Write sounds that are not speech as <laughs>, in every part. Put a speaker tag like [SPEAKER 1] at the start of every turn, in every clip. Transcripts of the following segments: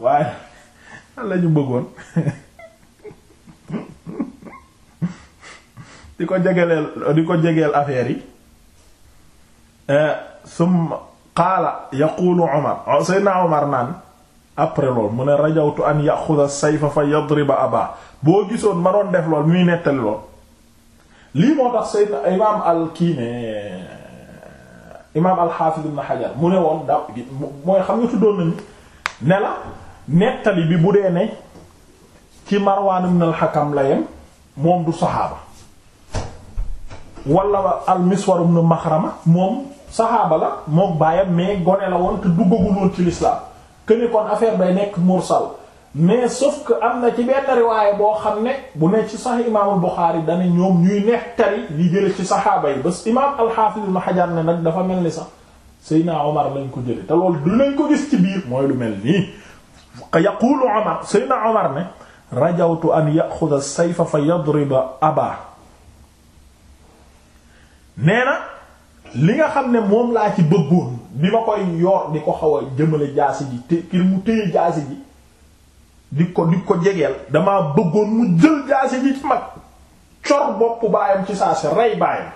[SPEAKER 1] waaye lan ñu bëggoon di ko jegeleel di ko jegeel affaire yi eh, summa qaala yaqulu Umar Seydina Umar naan après lool mu ne rajawtu an yaxuda sayfa fa yadriba abaa boo gisoon ma doon def lool muy nettali lool lii moo tax Seydina imaam al kiine imaam al xaafis ibn Hajar mu ne woon daaw mooy xam nga tuddoon nañu ne la nettali bi bu dee ne ci Marwaan ibn al-Hakam la yem moom du saxaaba wala al-Miswar ibn moom saxaaba la moom baayam mais gone la woon te duggagul woon ci lislaam que kon affaire bay nekk mursal mais sauf que am na ci benn riwaaye boo xam ne bu ne ci sax imaamul Buxaari dana ñoom ñuy neex nettali li jële ci saxaaba yi bas imaam al-Haafiz ibn Hajar ne nag dafa mel ni sax Seydina Omar lañ ko jële te loolu du lañ ko gis ci biir mooy lu mel nii yaquulu Omar Seydina Omar ne rajawtu an yaxuda sayfa fa yadriba abaa nee na li nga xam ne moom laa ci bëggoon bi ma koy yor di ko xaw jëmale jaasi ji te kii mu téye jaasi ji di ko di ko jegeel damaa bëggoon mu jël jaasi ji ci mag cor bopp baayam ci saa si rey baayam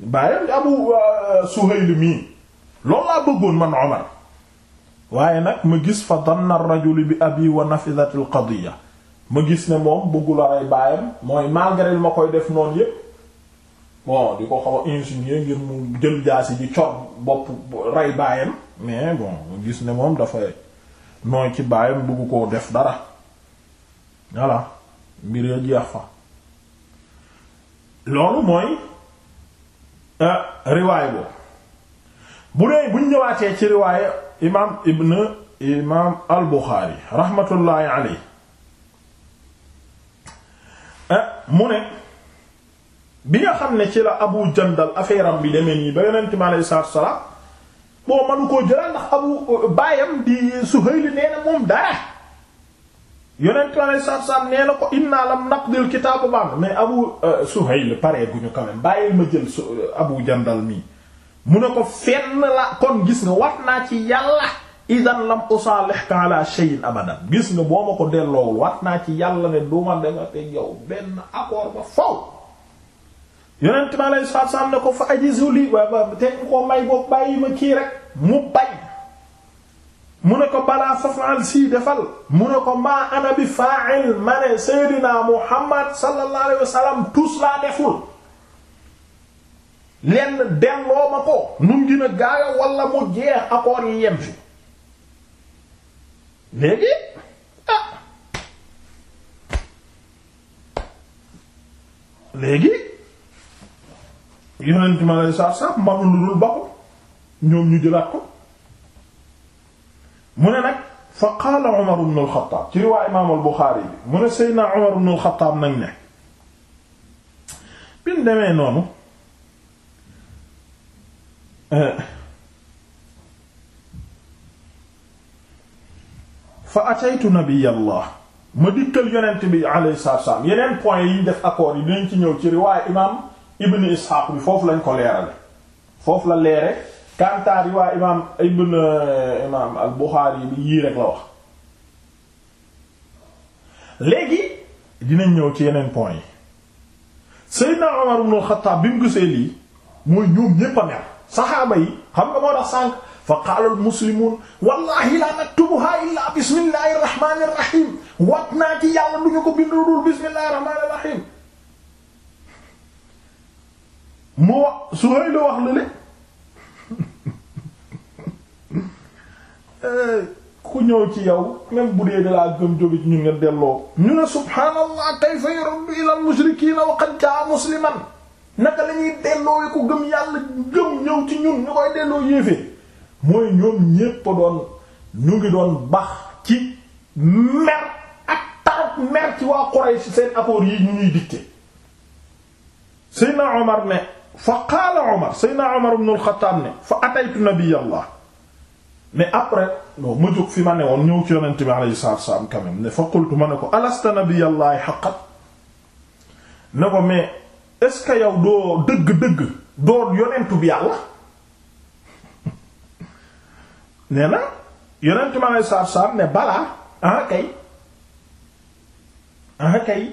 [SPEAKER 1] baayam Abu euh, Suhayl mii loolu laa bëggoon man Omar waaye nag ma gis fa danna ar-rajul bi abi wa al-qadiya ma gis ne moom bëggula rey baayam mooy malgré ma koy def noonu yépp bon di ko xaw bopp rey baayam mais bon ma gis ne moom dafa nooy ci baayam bëggu koo def dara voilà mbir jeex fa loolu mooy euh, riwaay boobu bu dee buñ ñëwaatee ci riwaaya imaam ibn imaam al Buxaari raxmatullaahi eh, mu ne bi nga xam ne ci la abu jandal affaire am bi demee nii ba yonent mi alayhi salaatu salaam boo manu koo jëlaat ndax abu baayam di Suhayl nee na moom dara yonent mi alayhi salaatu salaam nee na ko inna lam naqdil kitaabu ba'd mais abu euh, Suhayl paree guñu quand même bàyyil ma jël abu jandal mii mu ne ko fenn la kon gis nga wat naa ci yàlla idan lam usaalihka ala shay'in abadan gis nga boo ma ko delloowul wax naa ci yàlla ne du danga te yow benn accord ba faw yonent mi aleyhi salaam ne ko fa ajizu li wa ko may boo bàyyi ma kii rek mu bañ mu ne ko balaa fafal sii defal mu ne ko maa ana bi fa'il ma ne Seydina Muhammad sallallahu alayhi wa laa deful lenn delloo ma ko nun gën a gaayo wala mu jeex accord yi yem fi léegi ah léegi yonent ma lay saar saar manu lu dul ba ko ñoom ñu jëlaat ko mu ne nag fa qaala Umar ibn al-Khattab ci riwaay imaam al-Bukhari mu ne Seydina Umar ibn al-Khattab nag ne bi mu demee noonu fa ataytu nabiyallah ma dikkal yonent bi alayhi salaatu wassalaam yeneen point yi ñu def accord yi dinañ ci ñëw ci riwaaya imaam ibn isxaaq bi foofu lañ ko leerale foofu la leere kantaa riwaaya imaam ibn euh, imaam al buxaari yii rek la wax léegi dinañ ñëw ci yeneen point yi seydna umar ibn al xattaab bi mu gisee lii mooy ñoom ñépp a mer saxaaba yi xam nga moo tax sànq fa qaala wallahi laa naktubuhaa illaa bismillahi irrahmani irrahim wat naa ci yàlla du ñu ko bind lu eh, ku ñëw ci yow même bu dee da laa gëm ñu nga delloo ñu subhaanallah kayfa yaruddu ila al mushrikiina wa qad jaa musliman naka la ñuy delloo ko gëm yàlla gëm ñëw ci ñun ñu koy delloo yéefee mooy ñoom ñépp doon ñu ngi doon bax ci mer ak tarab mer ci waa Quraysh seen accords yi ñu ñuy dicté Seydina Omar ne fa qaala Omar Seydina Omar ibn al ne fa ataytu nabiyallah mais après non ma jóg fi ma ne woon ñëw ci yonent fa qultu ma ne ko alasta nabiyallah haqqan ne ko mais est-ce que yow doo dëgg-dëgg doo yonentu bi yàlla nee na yonentu ma lay saab-saab ne balaa ah kay ah kay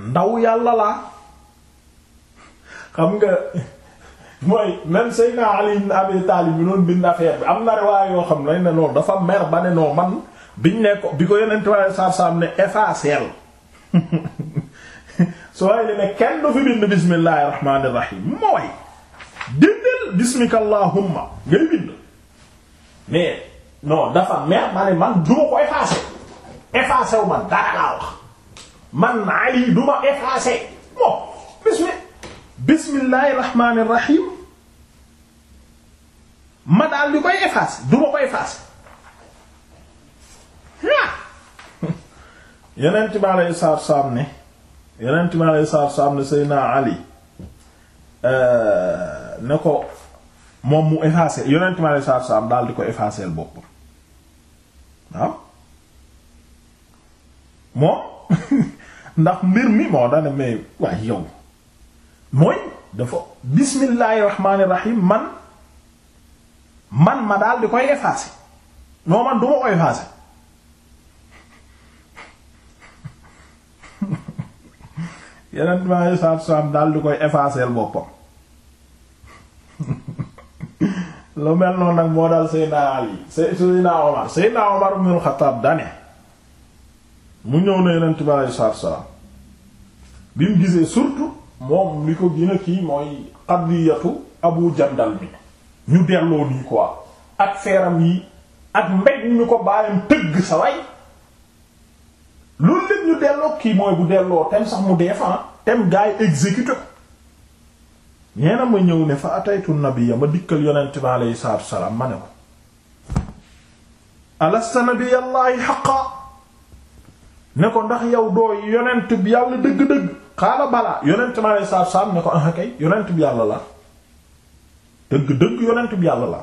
[SPEAKER 1] ndaw yàlla laa xam nga mooy même Seydina Ali ibn Abi Talib bi noonu bind affaire bi am na riwaay yoo xam ne ne noonu dafa mer ba ne noo man biñ ne ko bi ko yonentu ma lay saab-saab ne effacer <laughs> Suhayl ne kenn du fi bind bismillahir rahmanir rahim mooy dindil bismika ngay bind mais non dafa mer man du ma ko effacé effacé wu dara laa wax man Ali du ma effacé bon bismi bismillahir rahmanir ma daal di koy effacé du ma ko effacé ah. yeneen tubaab la yu saabsaab ne. yonent mi aleyhi salaatu salaam ne Seydina Ali eh, ne ko moom mu effacé yonent mi aleyhi salaatu salaam daal di ko effacé bopp waaw moom <laughs> ndax mbir mi moo daan mais waaye yow mooy dafa bismillahi rahmaani man man ma daal di koy effacé non man du ma ko yeneen maa ngi saab di koy effacer boppam lu mel noonu nag moo dal Seydina Ali Seydina Omar Seydina Omar mu ñëw na yeneen maa ngi bi mu gisee surtout moom li ko gën a mooy qadiyatu Abu Jandal bi ñu delloo nii quoi ak feeram yi ak mbéj mi ko bàyyam tëgg sa way loolu lépp ñu delloo kii mooy bu delloo tem sax mu dee fa tem gaa yi exécuté ñeena ma ñëw ne fa ataytu nabiyya ma dikkal yonent bi aleyhi salaatu wasalaam ma ne ko alasta nabiyallaahi haqqan ne ko ndax yow doo yonent bi yàlla dëgg-dëgg xaala balaa yonent bi aleyhi salaatu ne ko ah kay yonent bi yàlla la dëgg-dëgg yonent bi yàlla la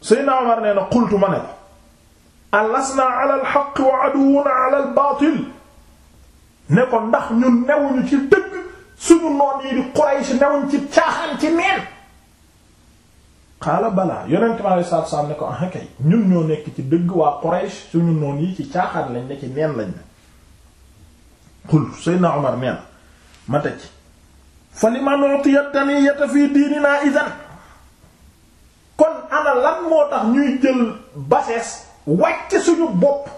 [SPEAKER 1] Seydina Umar nee na qultu ma ne ko alasnaa ala alxaq wa aduwuna ala albaatil ne ko ndax ñun newuñu ci dëgg suñu noon yi di Quraysh newuñ ci caaxaan ci neen xaala balaa yonent mi alayhi salaatu salaam ne ko ah kay ñun ñoo nekk ci dëgg waa Quraysh suñu noon yi ci caaxaan lañ ne ci neen lañ ne xul Seydina Omar neen ma tëj fa liman utiya daniyata fii diininaa idan kon ana lan moo tax ñuy jël basees wàcc suñu bopp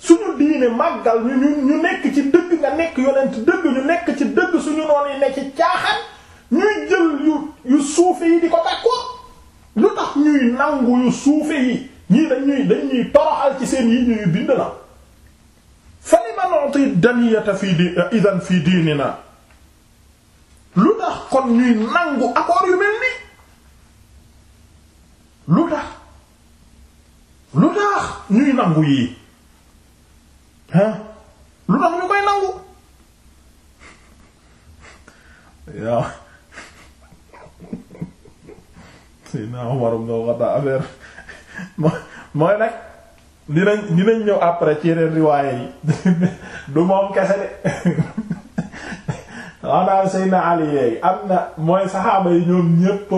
[SPEAKER 1] suñu diine màggal ñu ñu ñu nekk ci dëgg nga nekk yonent dëgg ñu nekk ci dëgg suñu noon yi nekk ci caaxaan ñuy jël yu yu yi di ko bàkkoo lu tax ñuy nangu yu suufe yi ñii dañuy dañuy toroxal ci seen yi ñuy bind na fa lima nu'ti daniyata fii di idan fii diinina lu tax kon ñuy nangu accord yu mel nii lu tax lu tax ñuy nangu yii ah lu tax ñu koy nangu waaw Seydina Umar ibn Khattab affaire mooy nag dinañ dinañ ñëw après ci yeneen riwaaye yi du moom kese de xanaa Seydina Ali yeey am na mooy saxaaba yi ñoom ñépp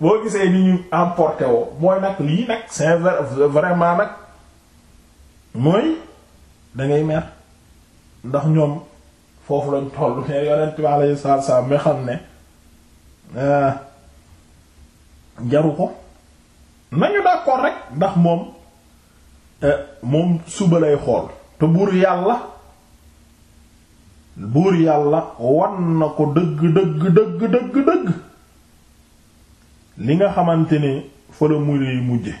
[SPEAKER 1] boo gisee ni ñu emporté woo mooy nag lii nag c'est vraiment nag mooy dangay ngay mer ndax ñoom foofu lañ toll ne yonent bi alayhi salaatu wasallam mi xam ne euh, jaru ko nañu d'accord rek ndax moom euh, moom suba lay xool te buur yàlla buur yàlla wan na ko dëgg dëgg dëgg dëgg dëgg li nga xamante ne fa la muy mujje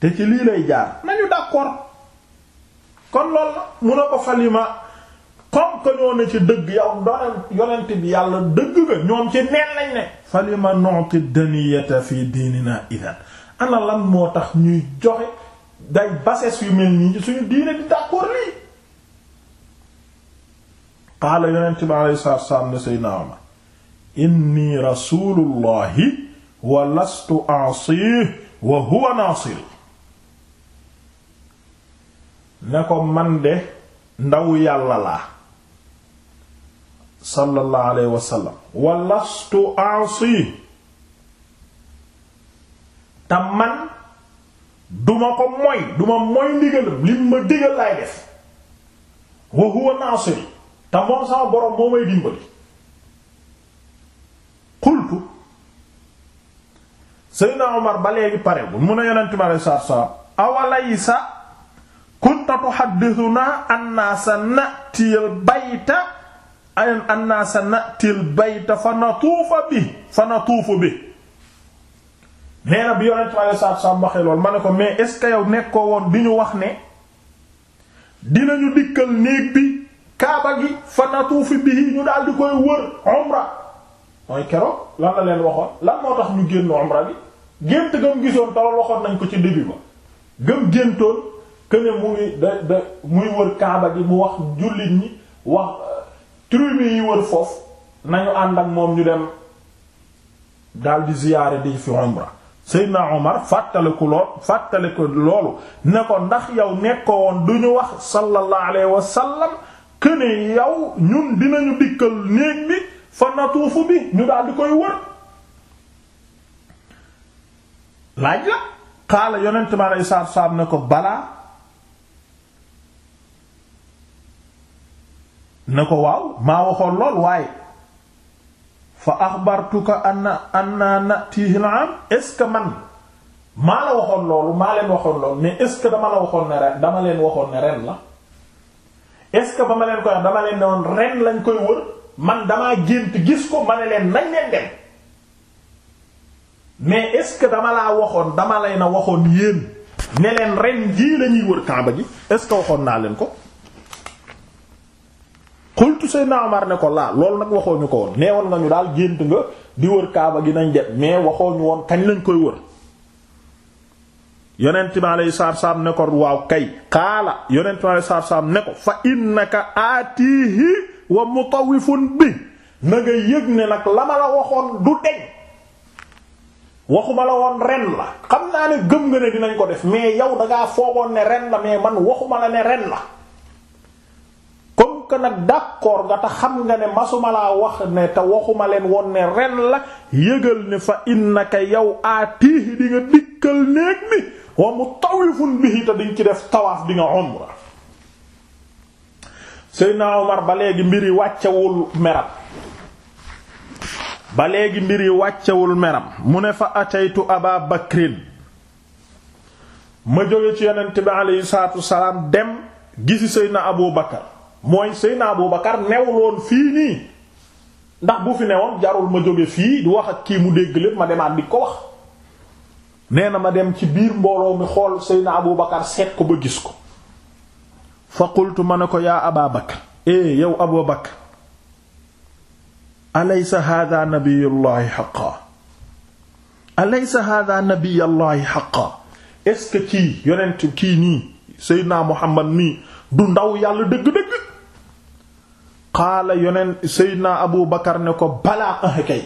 [SPEAKER 1] te ci lii lay jaar nañu d'accord kon loolu la mun a ko falima comme que ñoo ci dëgg yow doon yonent bi yàlla dëgg nga ñoom ci neen lañ ne falima nu'ti daniyata fi diinina idan ana lan moo tax ñuy joxe day bases yu mel nii suñu diine di d'accord lii qaala yonent bi alayhi salaatu wa salaam ne sayyidina inni rasulullahi wa lastu wa huwa naasiri ne ko man de ndaw yàlla la sallallahu alayhi wa sallam wa te man duma ko moy duma moy ndigalam li ma digal laay def wa huwa naasiri te moom sama borom moo may dimbali Seydina Omar ba léegi parewul mun a yonent bi aleyhi salaatu salaam awalaysa kunta tuhaddithuna annaa sa nattil bayta annaa sa nattil bayta fa natuufa bi fa natuufu bi nee bi yonent bi aleyhi salaatu salaam ma ne ko mais est-ce yow nekkoo woon bi ñu wax ne dinañu dikkal néeg bi kaaba gi fa natuufi bi ñu daal di koy wër umra mooy keroog lan la leen waxoon lan moo tax ñu génn umra bi gént gëm gisoon tawal waxoon nañ ko ci début ba gëm géntoon que ne da da muy wër kaaba gi mu wax jullit ñi wax tribu yi wër foofu nañu ànd ak moom ñu dem daldi di ziyaare di fi umra Seydina Omar fàttaliku loolu ne ko ndax yow nekkoo woon du ñu wax sallallahu alayhi wa sallam que yow ñun dinañu dikkal néeg bi fa bi ñu daal koy wër. laaj la xaala yonent ma lay saab saab ne ko balaa ne ko waaw maa waxoon lool waaye fa axbartuka anna anna natihi al-aam est-ce que man maa la waxoon loolu maa leen waxoon loolu mais est dama la waxoon ne ren dama leen waxoon ne ren ba ma leen koy wax dama leen lañ koy wër man damaa gént gis ko ma leen nañ leen dem mais est-ce que dama laa waxoon dama lay na waxoon yéen ne leen ren jii lañuy wër Kaaba gi est waxoon naa leen ko xultu Seydina Omar ne ko laa loolu nag waxooñu ko woon neewoon nañu daal gént nga di wër Kaaba gi nañ dem mais waxooñu woon kañ lañ koy wër yonent bi alayhi salaatu salaam ne ko waaw kay xaala yonent bi alayhi salaatu salaam ne ko fa innaka aatihi wa mutawifun bi na yëg ne nag la ma la waxoon du deñ waxuma la woon ren la xam naa ne gëm nga ne dinañ ko def mais yow dangaa foogoon ne ren la mais man waxuma la ne ren la kom que nag d'accord nga te xam nga ne masuma laa wax ne te waxuma leen woon ne ren la yëgal ne fa innaka yow aatihi di nga dikkal néeg bi wa mutawifun bihi te diñ ci def tawaaf di nga umra Seydina Omar ba léegi mbiri wàccewul merat ba léegi mbir yi wàccewul meram mu ne fa ataytu aba ma jóge ci yonent bi aleyhi salaatu wasalaam dem gisi seydna abu bakar mooy seydna abu bakar newul woon fii nii ndax bu fi newoon jarul ma jóge fii di wax ak kii mu dégg lépp ma demaat di ko wax nee na ma dem ci biir mbooloo mi xool seydna abu bakar seet ko ba gis ko fa qultu ma ne ko yaa aba bakar eh, yow abu alaysa hada nabiyullahi xaqa alaysa hada nabiyullahi xaqa est-ce que kii yonent kii nii seydina muhammad nii du ndaw yàlla dëgg-dëgg qaala yonent seydina abu bakar ne ko balaa axe kay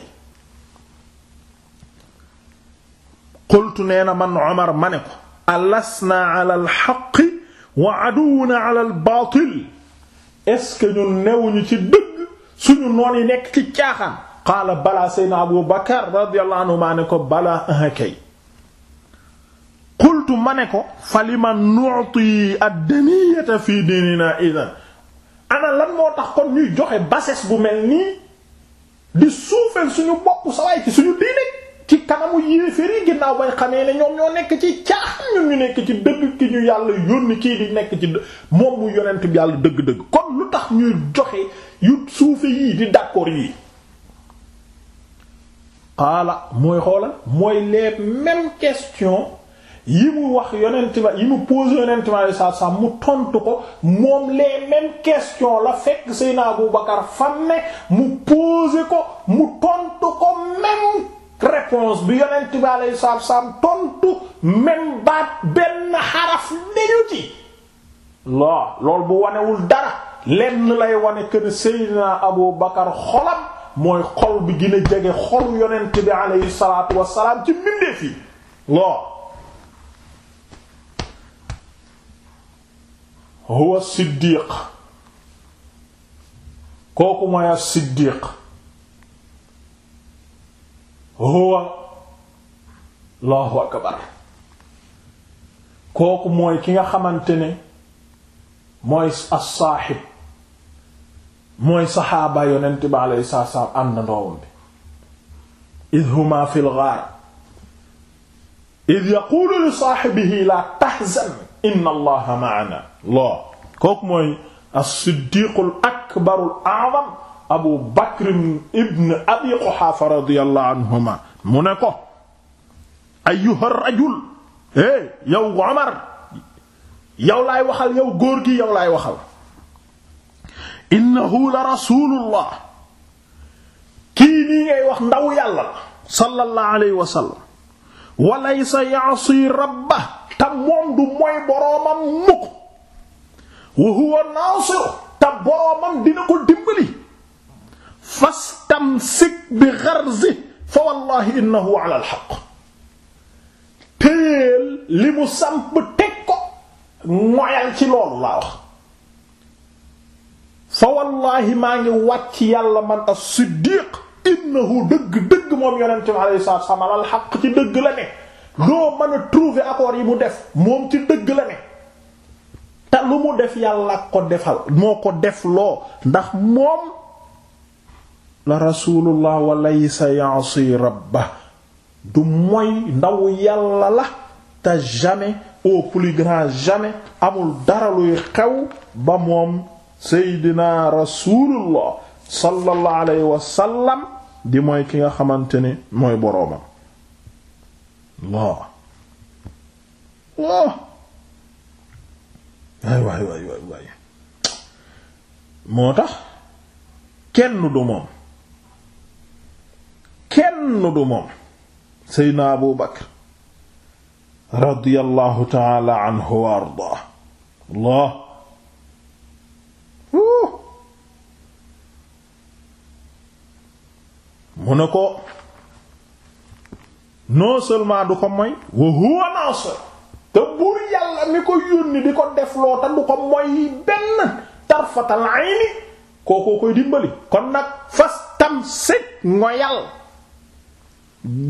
[SPEAKER 1] qultu nee na man omar ma ne ko alasna ala alxaqi wa aduwuna ala albaatil est-ce que ñun newuñu ci dëgg suñu noon yi nekk ci caaxaan qaala balaa seydna abu bakar radiyallahu anhu maa ne ko balaa aha ma ne ko falima nu'ti ad-daniyata fi diinina idan ana lan moo tax kon ñuy joxe bassesse bu mel nii di suufeel suñu bopp sawaay ci suñu diine ci kanamu yéeféri ginnaaw bay xamee ne ñoom ñoo nekk ci caaxaan ñun ñu nekk ci dëgg ki ñu yàlla yónni kii di nekk ci moom mu yonent yàlla dëgg-dëgg kon lu tax ñuy joxe yu suufe yii di d'accord yii xaala mooy xoolal mooy les mêmes questions yi mu wax yonent ba yi mu posé yonent ba sa sa mu tontu ko moom les mêmes questions la fekk Seydina Abu Bakar fan mu posé ko mu tontu ko même réponse bi yonent bi alayhi salaatu salaam tontu même baat benn xaraf neñu ci laa loolu bu wanewul dara lenn lay wane que ne Seydina Abu Bakar xolam mooy xol bi gën a jege xolu yonent bi aleyhi salaatu wassalaam ci mbindeef yi loo huwa siddiq kooku mooy a siddiq huwa allahu akbar kooku mooy ki nga xamante ne mooy as-saaxib mooy saxaaba yonent bi alayhi salaatu salaam am na ndoowam bi id huma fil ghaar id yaquulu li saahibihi laa tahzan inna allaha ma'ana loo kooku mooy as-siddiqul akbarul a'zam abu bakr ibn abi quhaafa radiyallahu anhuma mu ne ko ayyuha rajul hey eh, yow omar yow laay waxal yow góor gi yow laay waxal innahu la rasulullah kii nii ngay wax ndaw yàlla la sallallahu alayhi wa sallam walaysa yaasi rabba te moom du mooy boroomam mukk wa huwa naasiru te boroomam dina ko dimbali fastamsik bi gharzi fa wallahi innahu ala alxaq téel li mu samp teg ko moyal ci loolu laa wax fa wallaahi maa ngi wàcc yàlla man a as-siddiq innahu dëgg-dëgg moom yonente bi alayhi salaatu salaam al ci dëgg la ne loo mën a trouver accords yi mu def moom ci dëgg la ne te lu mu def yàlla ko defal moo ko def loo ndax moom la rasulullah wa laysa ya'si ba du mooy ndaw yàlla la te jamais au plus grand jamais amul dara luy xew ba moom seydina rasulullah sallallahu alayhi wasallam di mooy ki nga xamante ni mooy boroomam waaw moo tax kenn du moom kenn du moom seydina abu bakar radiyallahu taala anhu wa ardaa mu ne ko non seulement du ko mooy wa huwa nasir te buur yàlla mi ko yónni di ko def loo te du ko mooy benn tarfatal ayni kookoo koy dimbali kon nag fas tam sëg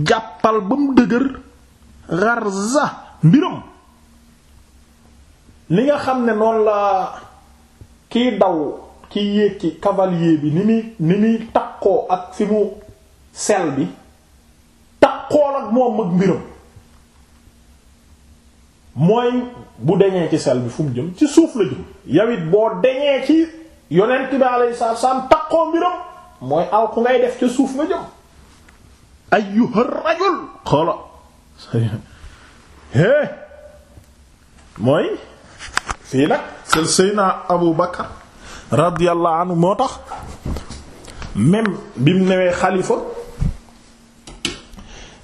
[SPEAKER 1] jàppal ba mu dëgër xarza mbiram li nga xam ne noonu la kiy daw kiy yéeg ci bi ni muy ni muy takkoo ak fi mu sel bi takkool ak moom ak mbiram mooy bu deñee ci sel bi fu mu jëm ci suuf la jëm yawit boo deñee ci yonent bi alayhi salaatu salaam takkoo mbiram mooy aw ngay def ci suuf nga jëm ayyuha rajul xoola <laughs> é mooy fii nag sel seyna Abu Bakar radiyallahu anhu moo tax même bi mu newee xalifa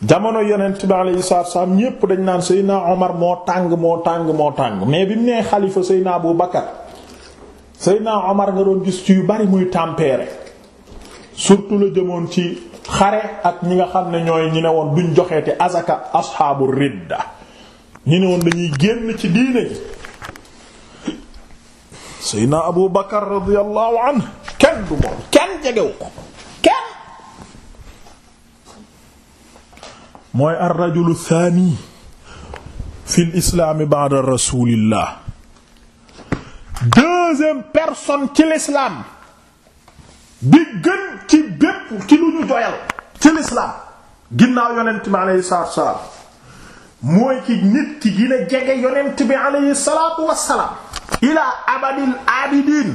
[SPEAKER 1] jamono yeneen bi alayhi salaatu wasallam ñépp dañ naan Seydina Omar moo tàng moo tàng moo tàng mais bi mu nee xalifa Seydina Abu Bakar Seydina Omar nga doon gis ci yu bari muy tempéré surtout la jëmoon ci xare ak ñi nga xam ne ñooy ñi ne woon duñ joxeeti azaka asxaabu ridda ñi ne woon dañuy génn ci diine ji Seydina Abu Bakar radiyallahu anhu kenn du moom kenn jegewu ko mooy ar rajulu thani fi l islaami ba'da rasulillah deuxième personne ci l'islam bi gën ci bépp ci lu ñu ci l'islam ginnaaw yonent bi aleyhi salaatu wasalaam mooy ci nit ki gën a jege yonent bi aleyhi salaatu wasalaam ilaa abadil abidin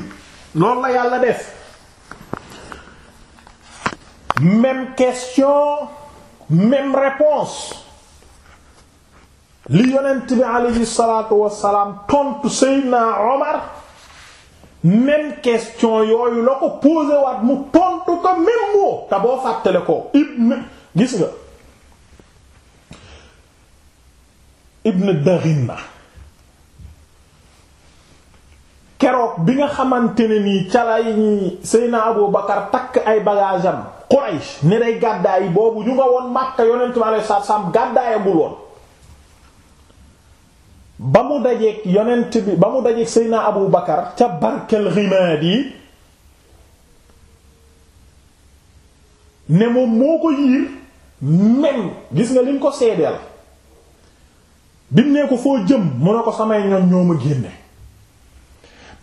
[SPEAKER 1] loolu la yàlla def même réponse li yonent bi aleyhi salaatu wassalaam tontu Seydina Omar même question yooyu la ko posé waat mu tontu ko même mot te boo fàttale ko ibn gis nga ibn Daghina keroog bi nga xamante ne nii ca lay na Abu Bakar takk ay bagageam Quraysh ne day gàddaay boobu ñu nga woon Makka yonentu Yàlla sa sam gàddaayagul woon ba mu dajeeg yonent bi ba mu dajeeg Seydina Abu Bakar ca Barkal Ghimaad yi ne moom moo ko yiir même gis nga liñ ko seedeel bi mu ne ko foo jëm mu ne ko samay ñoon ñoo ma génne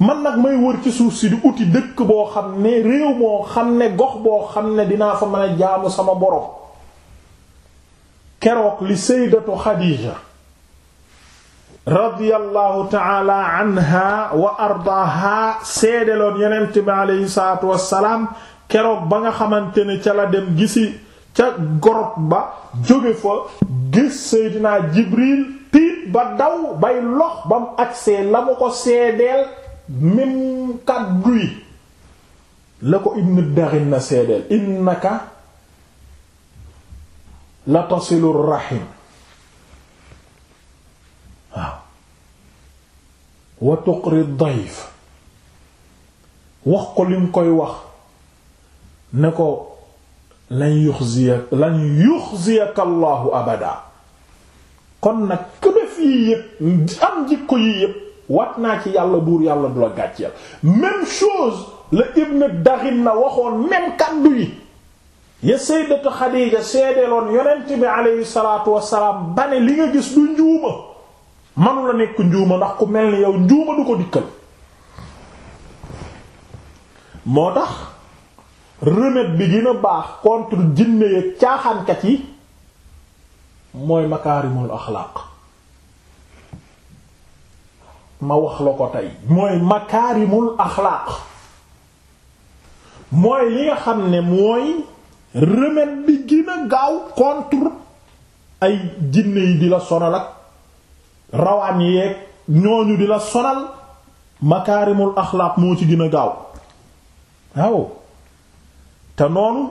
[SPEAKER 1] man nag may wër ci suuf si di uti dëkk boo xam ne réew boo xam ne gox boo xam ne dinaa fa mën a jaamu sama borom keroog li sayyidatu Xadiija radiyallahu taala anha wa ardaaha seedeloon yonent bi aleyhi salaatu wassalaam keroog ba nga xamante ne ca la dem gisi ca gorob ba jóge fa gis Seydina Jibril tiit ba daw bay lox ba agsee la mu ko seedeel même kàddu yi la ko ibn darin na seedeel innaka la tasilu rahim waaw wa tuqri dayf wax ko lim koy wax ne ko lan yuxziyak lan yuxziyaka allahu abada kon nag ku def yii yépp am jikko yii yépp wat naa ci yàlla buur yàlla du la gàcceel même chose la Ibn Daghina na waxoon même kaddu yi ya sayyidatu Xadiija seedeeloon yonent bi aleyhi salaatu wasalaam ba ne li nga gis du njuuma manu nekk njuuma ndax ku mel ni yow njuuma du ko dikkal moo tax remède bi gën a baax contre jinne ya caaxaankat yi mooy makaarimul axlaaq ma wax la ko tey mooy makaarimul axlaaq mooy li nga xam ne mooy remède bi gën a gaaw contre ay jinne yi di la sonal ak rawaan yeeg ñooñu di la sonal makaarimul axlaaq moo ci gën a gaaw waaw te noonu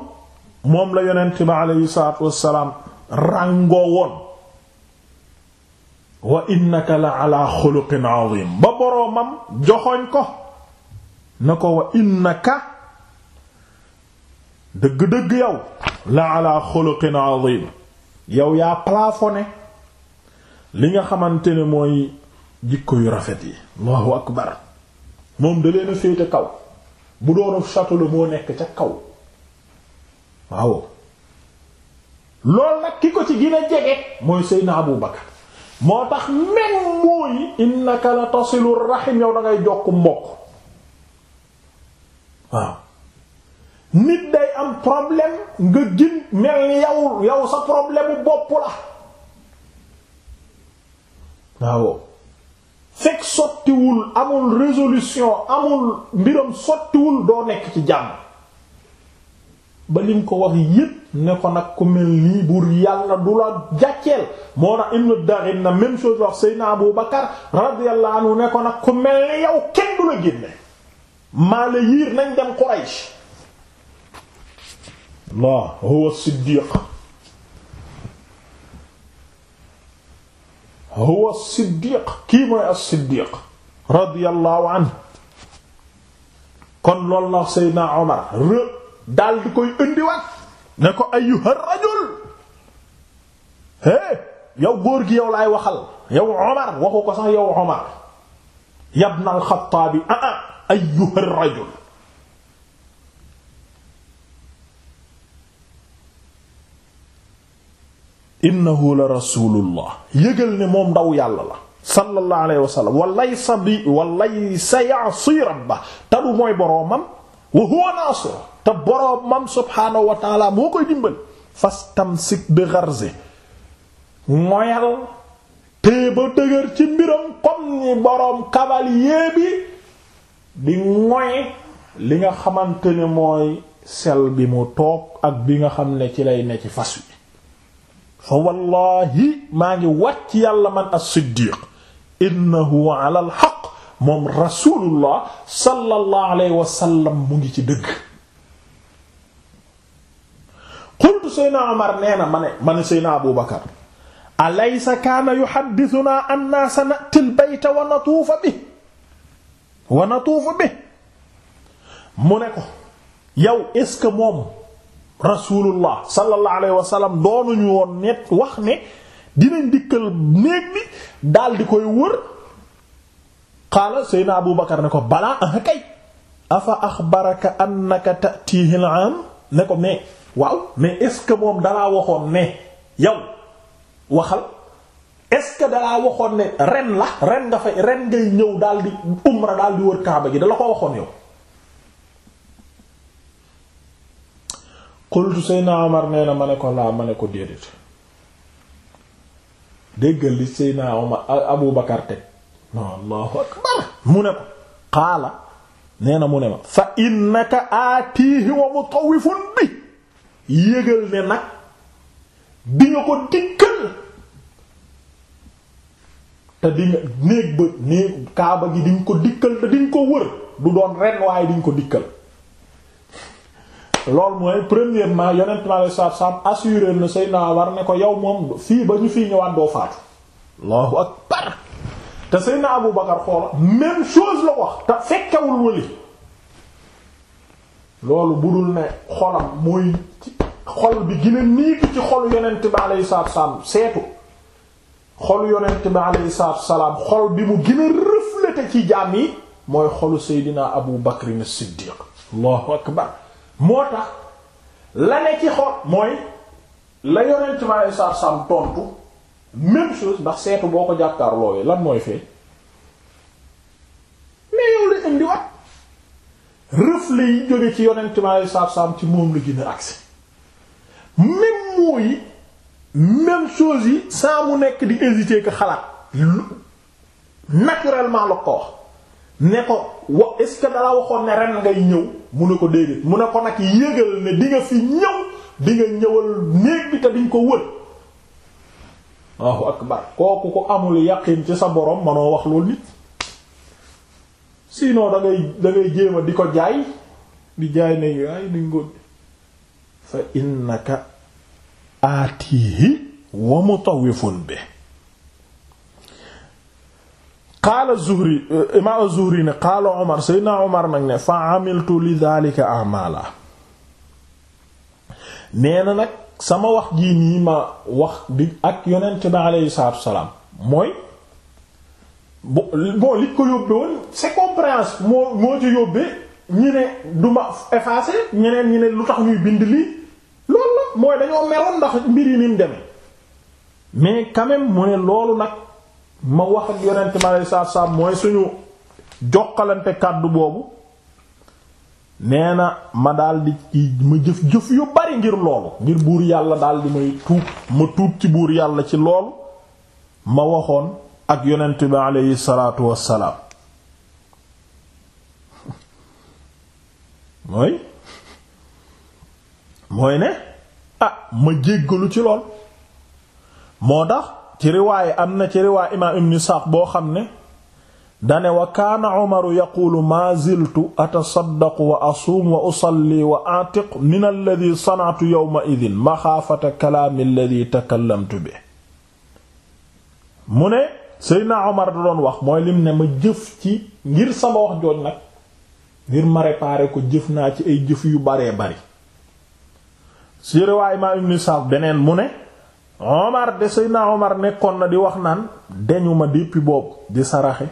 [SPEAKER 1] moom la yonent bi aleyhi salaatu wassalaam ràngoo woon wa innaka la ala xuluqin azim ba boroomam joxoñ ko na ko wa innaka dëgg-dëgg yaw la ala xuluqin azim yow yaa plafonné li nga xamante ne mooy jikko yu rafet yi allahu akbar moom da leen féete kaw bu doonu château moo nekk ca kaw waaw loolu nag ki ko ci gën a jege mooy Seydina Abu Bakar moo tax même mooy innaka la tasilu rahim yow da ngay jokk mbokk waaw nit day am problème nga gin mel ni yow yow sa problème bopp la waaw fekk sottiwul amul résolution amul mbiram sottiwul doo nekk ci jàmm ba lim ko wax yépp ne ko nag ku mel nii buur yàlla du la jàcceel moo tax Ibnu Daxin na même chose wax Seydina Abu Bakar radiyallahu anhu ne ko nag ku mel ni kenn du la génne maa la yiir nañ dem Quraysh Allah huwa siddiq siddiq kii mooy as-siddiq radiyallahu anhu kon loolu la Seydina Omar daal di koy indiwaat ne ko ayyuha rajul hé yow góor gi yow laay waxal yow Omar waxu ko sax yow Omar yabna al-Xattaabi ah ah ayyuha rajul innahu la rasulullah yëgal moom ndaw yàlla la sallallahu alayhi wa sallam walay sa rabba taru mooy boroomam wa huwa naasir te boroom mam subhaanahu wa taala moo koy dimbal fastamsik bi gharzi moyal tée ba dëgër ci mbiram comme ni boroom cavalier bi di moye li nga xamante ne mooy sel bi mu toog ak bi nga xam ne ci lay ne ci fas wi fa wallahi maa ngi ci yàlla man as-siddiq innahu ala al haqq moom rasulullah sallallahu alayhi wa sallam mu ngi ci dëgg xultu Seydina Omar nee na ma ne ma ne Seydina Abu Bakar alaysa kaana yuhaddithuna anna sanatil bayta wa natuufa bi wa natuufa bi mu ne ko yow est ce que moom rasulullah sallallahu alayhi wa sallam doonuñu woon net wax ne dinañ dikkal néeg bi daal di koy wër qaala Seydina Abu Bakar ne ko balaa ah kay afa axbaraka annaka ta'tiihi al-aam ne ko mais waaw mais est-ce que moom dalaa waxoon ne yow waxal est dalaa waxoon ne ren la ren nga fay ren ngay ñëw daal di umra daal di wër kaaba gi dala ko waxoon yow qultu Seydina Omar nee ma ne ko laa ma ne ko déedéet déggal li Seydina Omar Abu Bakar teg non Allahu akbar mu ne ko qaala nee na mu ne ma fa innaka aatihi wa mutawwifun bi yégal ne nag di nga ko dikkal te di nga néeg ba néeg kaaba gi di nga ko dikkal te di nga ko wër du doon ren waaye di nga ko dikkal loolu mooy premièrement yonent mi alei satu salaam assuré na Seydina Umar ne ko yow moom fii ba ñu fii ñëwaat boo faatu Allahu akbar te Seydina Abu Bakar xoola même chose la wax te fekkewul wali loolu budul ne xolam mooy xol bi gën a niibi ci xolu yonent bi alayhi salaatu salaam seetu xolu yonent bi alayhi salaatu salaam xol bi mu gën a reflété ci jaam yi mooy xolu Seydina Abu Bakr moo tax la ne ci xol mooy la yonent bi alayhi salaatu salaam tontu même chose ndax seetu boo ko jàkkaarloo lan mooy fee reflet yi jóge ci yonent mi alayhi salaatu ci moom la gën a agsi même yi même chose yi saa mu nekk di hésiter ko xalaat naturellement la ko wax ne ko wax est ce que waxoon ne ren ngay ñëw mu ne ko déedéet mu ne ko nag yëgal ne di nga fi ñëw di nga ñëwal néeg bi te diñ ko wër waaw akbar kooku ko amul yaqin ci sa borom manoo wax loolu nit sinon da ngay da di ko jaay di jaay ne yaay di ngóob fa innaka aatihi wa mutawifun bi qaala Zuhri euh, imaam Zuhri ne qaala Omar Seydina Omar nag ne fa amiltu li daalika amala nee na nag sama wax jii nii ma wax di ak yonent bi aleyhi salaam mooy. bon li ko yóbbee woon c'est moo moo ci yóbbee ñu ne duma ma effacé ñeneen ñi ne lu tax ñuy bind lii loolu la mooy dañoo meroon ndax mbir yi ni mu mais quand même mu ne loolu nag ma wax ak yonent ma lay saab saab mooy suñu jokkalante kàddu boobu nee na ma daldi ma jëf jëf yu bari ngir loolu ngir buur yàlla daldi may tuub ma tuub ci buur yàlla ci loolu ma waxoon. ak yonent bi aleyhi wassalaam mooy mooy ne ah ma jéggalu ci lool moo tax ci riwaay am na ci riwaay imaam ibn Isaaq boo xam ne dane wa kaana umaru yaquulu maa ziltu atasaddaqu wa asuum wa usalli wa atiq min alladi sanatu yowma idin maxaafata kalaami alladi takallamtu bi mu ne Seydina Omar da doon wax mooy lim ne ma jëf ci ngir sama wax jooj nag ngir ma réparer ko jëf naa ci ay jëf yu baree bari si ma Ibn Sa'd beneen mu ne Omar de Seydina Omar nekkoon na di wax naan deñu ma depuis boobu di saraxe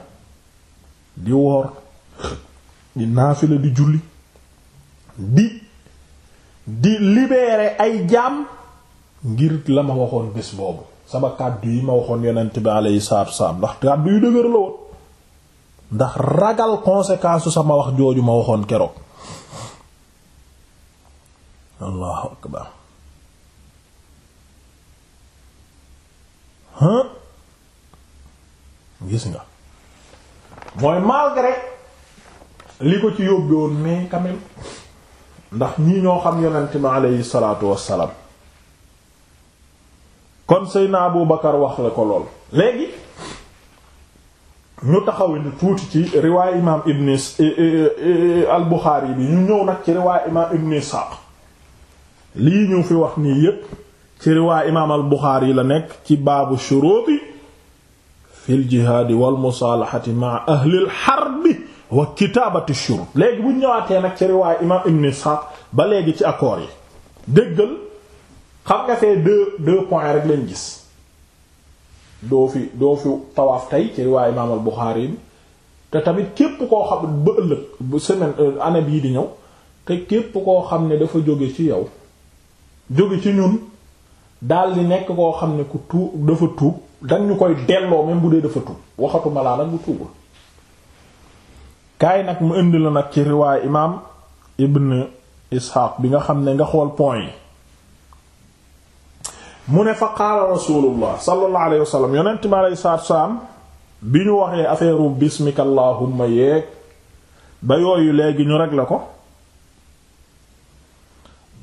[SPEAKER 1] di woor di naafila di julli di di libérer ay jaam ngir la ma waxoon bés boobu sama kàddu yi ma waxoon yonent bi alayhi salaatu wasalaam ndax kàddu yu dëgër la woon ndax ragal conséquence su sama wax jooju ma waxoon keroog allahu akbar huh gis nga mooy malgré li ko ci yóbbe woon mais quand ndax ñii ñoo xam yonent bi alayhi salaatu wasalaam kon Seydina Abu Bakar wax la ko lool léegi ñu taxawe ni tuuti ci riwaay imaam Ibn eh, eh, eh, al Buxaari bi ñu ñëw nag ci riwaay imaam Ibn Isxaaq lii ñu fi wax nii yépp ci riwaay imaam al Buxaari la nekk ci baabu shuruuti fil jihaadi wal musaalahati ma'a ahlil harbi wa kitaabati shuruut léegi bu ñu ñëwaatee nag ci riwaay imaam Ibn Isxaaq ba léegi ci accord yi déggal xam nga fee deux deux points rek lañ gis doo fi doo fi tawaaf tey ci riwaay imaam Buxaari yi te tamit képp koo xam ba ëllëg bu semaine euh, année bii di ñëw te képp koo xam ne dafa jóge ci yow jóge ci ñun daal di nekk koo xam ne ku tuub dafa tuub dang ñu koy delloo même bu dee dafa tuub waxatuma laa nag bu tuubul kaay nag mu indi la nag ci riwaay imaam Ibn Ishaq bi nga xam ne nga xool point yi mu ne fa qaala rasulullah sallallahu alayhi wa sallam yonent mi alayhi salaatu salaam bi ñu waxee affaire bismika allahumma yeeg ba yooyu léegi ñu rek la ko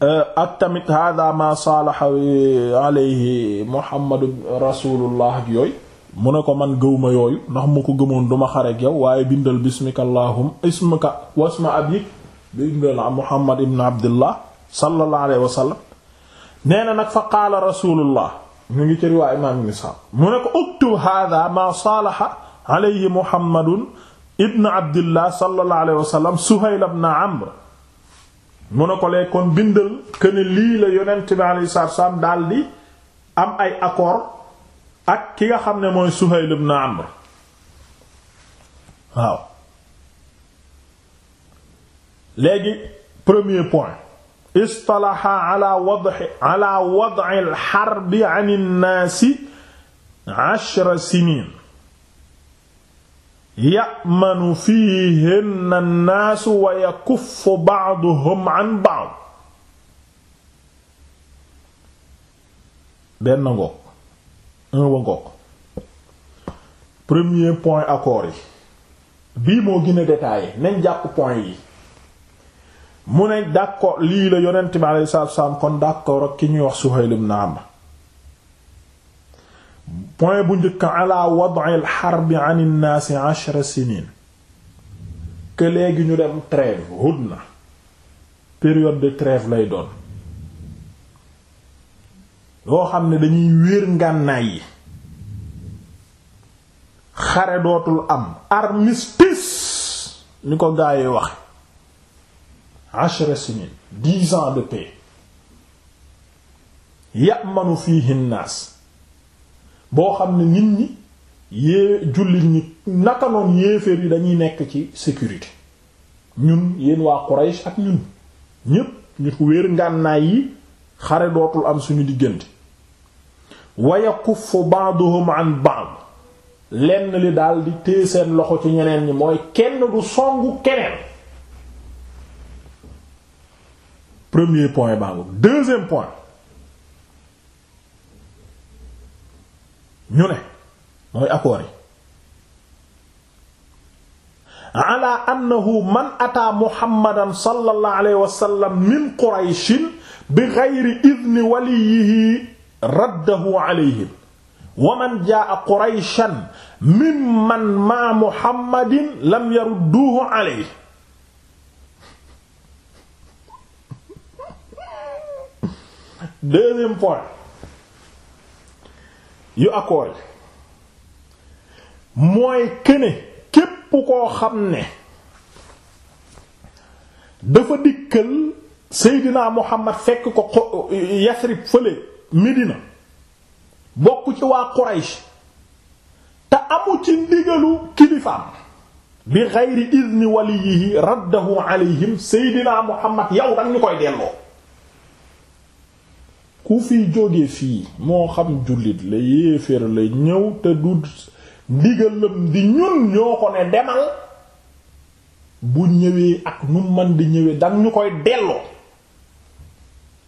[SPEAKER 1] euh, ak tamit hada ma saalaha alayhi muhammadu rasulullah ak mu ne ko man gëwma yooyu ndax mu ko gëmoon duma xarek yow waaye bindal bismika allahum ismika wasma abik bindal muhammad ibn abdullah sallallahu alayhi wa nee na nag fa qaala rasulullah mu ngi ci riwaa imaam ibn Sa'd mu ne ko uktub hada ma saalaha alayhi muhammadun ibn abdillah mu ne ko lee kon bindal këne lii la yonent bi daal di am ay accord ak ki nga xam ne mooy suhayl ibn amr waaw léegi premier point istalaha ala wad'i ala wad'i al-harbi 'an an-naasi 'ashra siniin ya'manu an-naasu premier point accord yi bii moo gën a détaillé jàpp point yi mu ne d'accord lii la yonent bi alayhi salaatu wassalaam kon d'accord ak ki ñuy wax Suhayl na Amr point bu njëkk ala wad'il harbi 'an an-naas 'ashra siniin que léegi ñu dem trêve hudna période de trêve lay doon yoo xam ne dañuy wéer ngànnaay yi xare dootul am armistice ñu ko gaayee wax ashra sinin dix ans de paix ya'manu boo xam ne nit ñi yée jullit ñi naka noon yéeféer yi dañuy nekk ci sécurité ñun yéen waa Quraysh ak ñun ñépp ñu wéer ngànnaay yi xare dootul am suñu diggante wa yakuffu ba'duhum an ba'd lenn li daal di seen loxo ci ñeneen ñi mooy kenn du songu keneen premier point baa ngoog deuxième point ñu ne mooy accord yi ala annahu man ataa muhammadan sallallahu alayhi wa sallam min qurayshin bi ghayri idni waliyihi raddahu alayhim wa jaa qurayshan mimman ma muhammadin lam yarudduhu alayhi deuxième point yu accord mooy këne képp koo xam ne dafa dikkal Seydina Muhammad fekk ko Yasrib fële Medina bokk ci waa Quraysh te amu ci ndigalu kilifaam bi xayri izni waliyihi raddahu alayhim Seydina Muhammad yow dang ñu koy delloo ku fi jóge fii moo xam jullit la yéeféer la ñëw te du ndigalam di ñun ñoo ko ne demal bu ñëwee ak nu man di ñëwee dang ñu koy delloo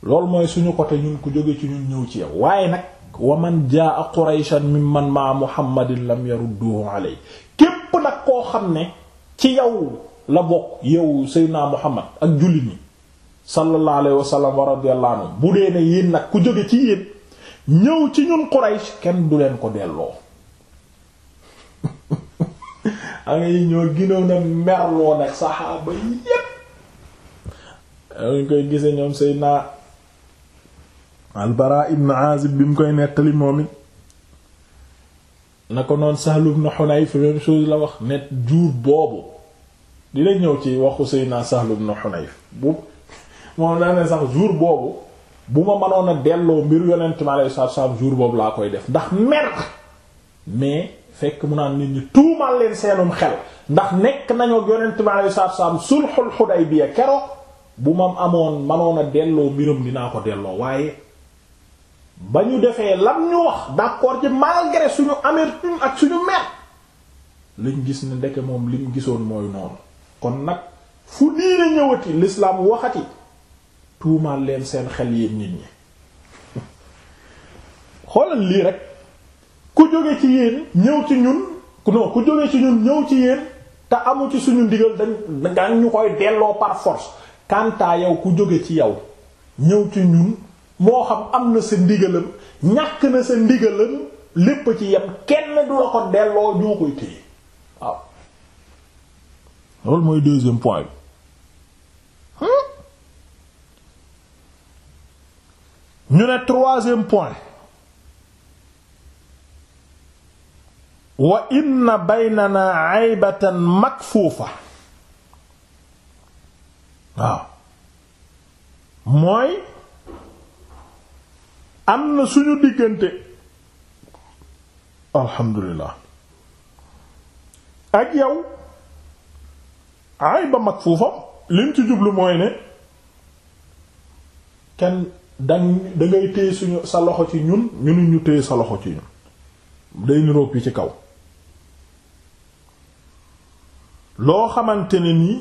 [SPEAKER 1] loolu mooy suñu côté ñun ku jóge ci ñun ñëw ci yaw waaye nag wa man jaa qurayshan mimman ma muhammadin lam yarudduhu alay képp nag koo xam ne ci yow la bokk yow seydina muhammad ak jullit ñi sallallahu alayhi wa sallam wa radiyallahu bu dee ne yéen nag ku jóge ci yéen ñëw ci ñun Quraysh kenn du leen ko delloo am <laughs> nga yi ñoo ginoo na merloo nag saxaaba yépp ñu koy gise ñoom Seydina al ibn Azib bi mu koy nettali moom it na ko noon Sahl ibn Hunayf même chose la wax net jur boobu dina ñëw ci waxu Seydina Sahl ibn Hunayf bu moom naa sax jour boobu bu ma mënoon a delloo mbir yonent mi alayhi salaatu salaam jour boobu laa koy def ndax mer mais fekk mu naan nit ñi tuumal leen seenum xel ndax nekk nañu ak yonent mi alayhi salaatu salaam sulhul bu ma amoon mënoon a delloo mbiram dinaa ko delloo waaye ba ñu defee lam ñu wax d'accord ci malgré suñu amertume ak suñu mer lañ gis ne ndeke moom li gisoon mooy noonu kon nag fu diine ñëwati l'islam waxati tuumaal leen seen xel yéen nit ñi xoolal lii rek ku jóge ci yéen ñëw ci ñun non ku jóge ci ñun ñëw ci yéen te amu ci suñu ndigal dañ ñu koy delloo par force kantaa yow ku jóge ci yow ñëw ci ñun moo xam am na sa ndigalam ñàkk na sa ndigalam lépp ci yem kenn du la ko delloo ñoo koy téye waaw loolu mooy deuxième point bi ñu ne troisième point wa inna baynana mag fuufa waaw mooy am na suñu diggante alhamdulilah ak yow fuufa makfuufa liñ ci jublu mooy ne kenn dang da ngay suñu sa loxo ci ñun ñunu ñu téye sa loxo ci ñun day niroog yi ci kaw loo xamante ne ni